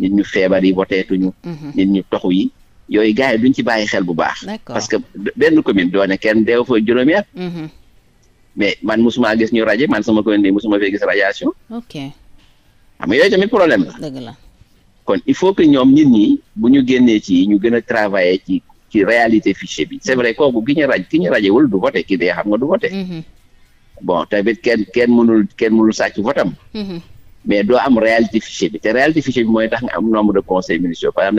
nit ñu feebar yi woteetuñu nit ñu toxu yi yooyu gars yi duñ ci bàyyi xel bu baax. parce que benn commune doone kenn deew fa juróomi at. Mhm. mais man mosuma gis ñu rajo man sama commune bi mosuma fee gis radiation. ok yooyu tamit problème la. dëgg la kon il faut que ñoom nit ñi bu ñu génnee ci ñu gën a travailler ci ci réalité fichier bi. c' est vrai kooku ki ñu raj ki ñu rajewul du vote ki dee xam nga du vote. Mhm. bon tamit kenn kenn mënul kenn mënul sàcc votam. Mhm. mais doo am réalité fichier bi te réalité fichier bi mooy tax nga am nombre de conseils municipaux par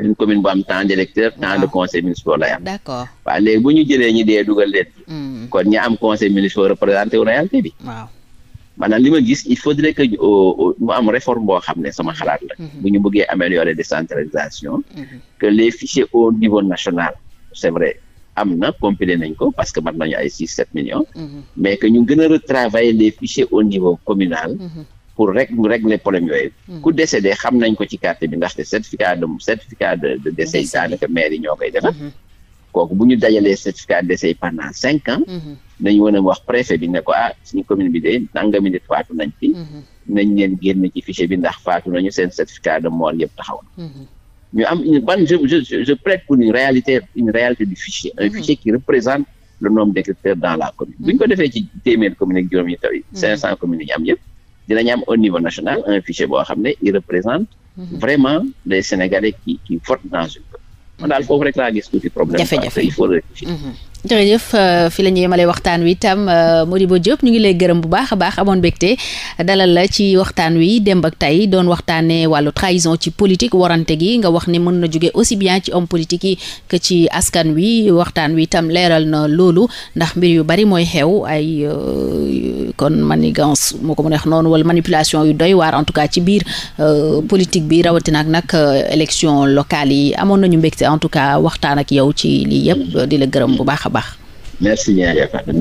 une commune bu am tant d'électeurs tant de ah. conseils municipaux lay am. léegi bu ñu jëlee ñi dee dugal leen. Hmm. kon ñi am conseil municipal représenté wu réalité bi. waaw maanaam li ma gis il faudrait que euh, euh, mu am réforme boo xam ne sama xalaat la. Hmm. bu ñu bëggee améliorer décentralisation. Hmm. que les fichiers au niveau national c'est vrai. am na compilé nañ ko parce que mën nañu ay six sept millions. mais que ñu gën a retravailler les fichiers au niveau communal. pour rek régler problème yooyu. Hmm. ku décédé xam nañ ko ci carte bi ndaxte certificat de certificat de de daanaka maire ñoo koy defar. Hmm. kooku bu ñu dajalee certificat de décès pendant cinq ans. Hmm. nañu mën a wax préfet bi ne ko ah suñu commune bi de nangami nit faatu nañ fi. nañ leen génn ci fichier bi ndax faatu nañu seen certificat de mort yëpp taxaw na. ñu am une ban je je je prête pour une réalité une réalité du fichier. un fichier ko defee ci téeméer commune ak juróom yi taw yi. cinq am yëpp. dinañ am au niveau national un fichier boo xam ne il représente mhm. vraiment les Sénégalais qui qui votent dans une man daal foofu rek laa gis tuuti problème. jafe il faut réfléchir. jërëjëf euh, fi la ñu yemale waxtaan wi itam euh, Modibo Diop ñu ngi lay gërëm bu baax a baax amoon mbégte dalal la ci waxtaan wi démb ak tey doon waxtaanee wàllu traison ci politique warante gi nga wax ne mën na jóge aussi bien ci homme politique yi que ci askan wi waxtaan wi itam leeral na loolu ndax mbir yu bari mooy xew ay euh, kon manigance moo ko mën a noonu wala manipulation yu doy waar en tout cas ci biir politique bi rawatina ak nag élection locale yi amoon nañu mbégte en tout cas waxtaan ak yow ci lii yëpp di la gërëm bu baax a baax merci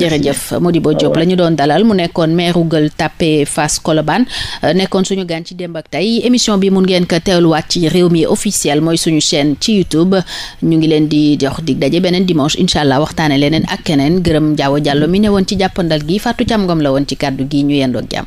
jërëjëf Modibo Diop la ñu doon dalal mu nekkoon maire Gueule Tapée Fass Colobane euh, nekkoon suñu gan ci démb ak tey émission bi mun ngeen ko teewluwaat ci réew mi officiel mooy suñu chaîne ci YouTube ñu ngi leen di jox dig daje beneen dimanche incha allah waxtaane leneen ak keneen gërëm jaawo jàllo mi ne woon ci jàppandal gi Fatou Thiam Ngom la woon ci kàddu gi ñu yendoog jàmm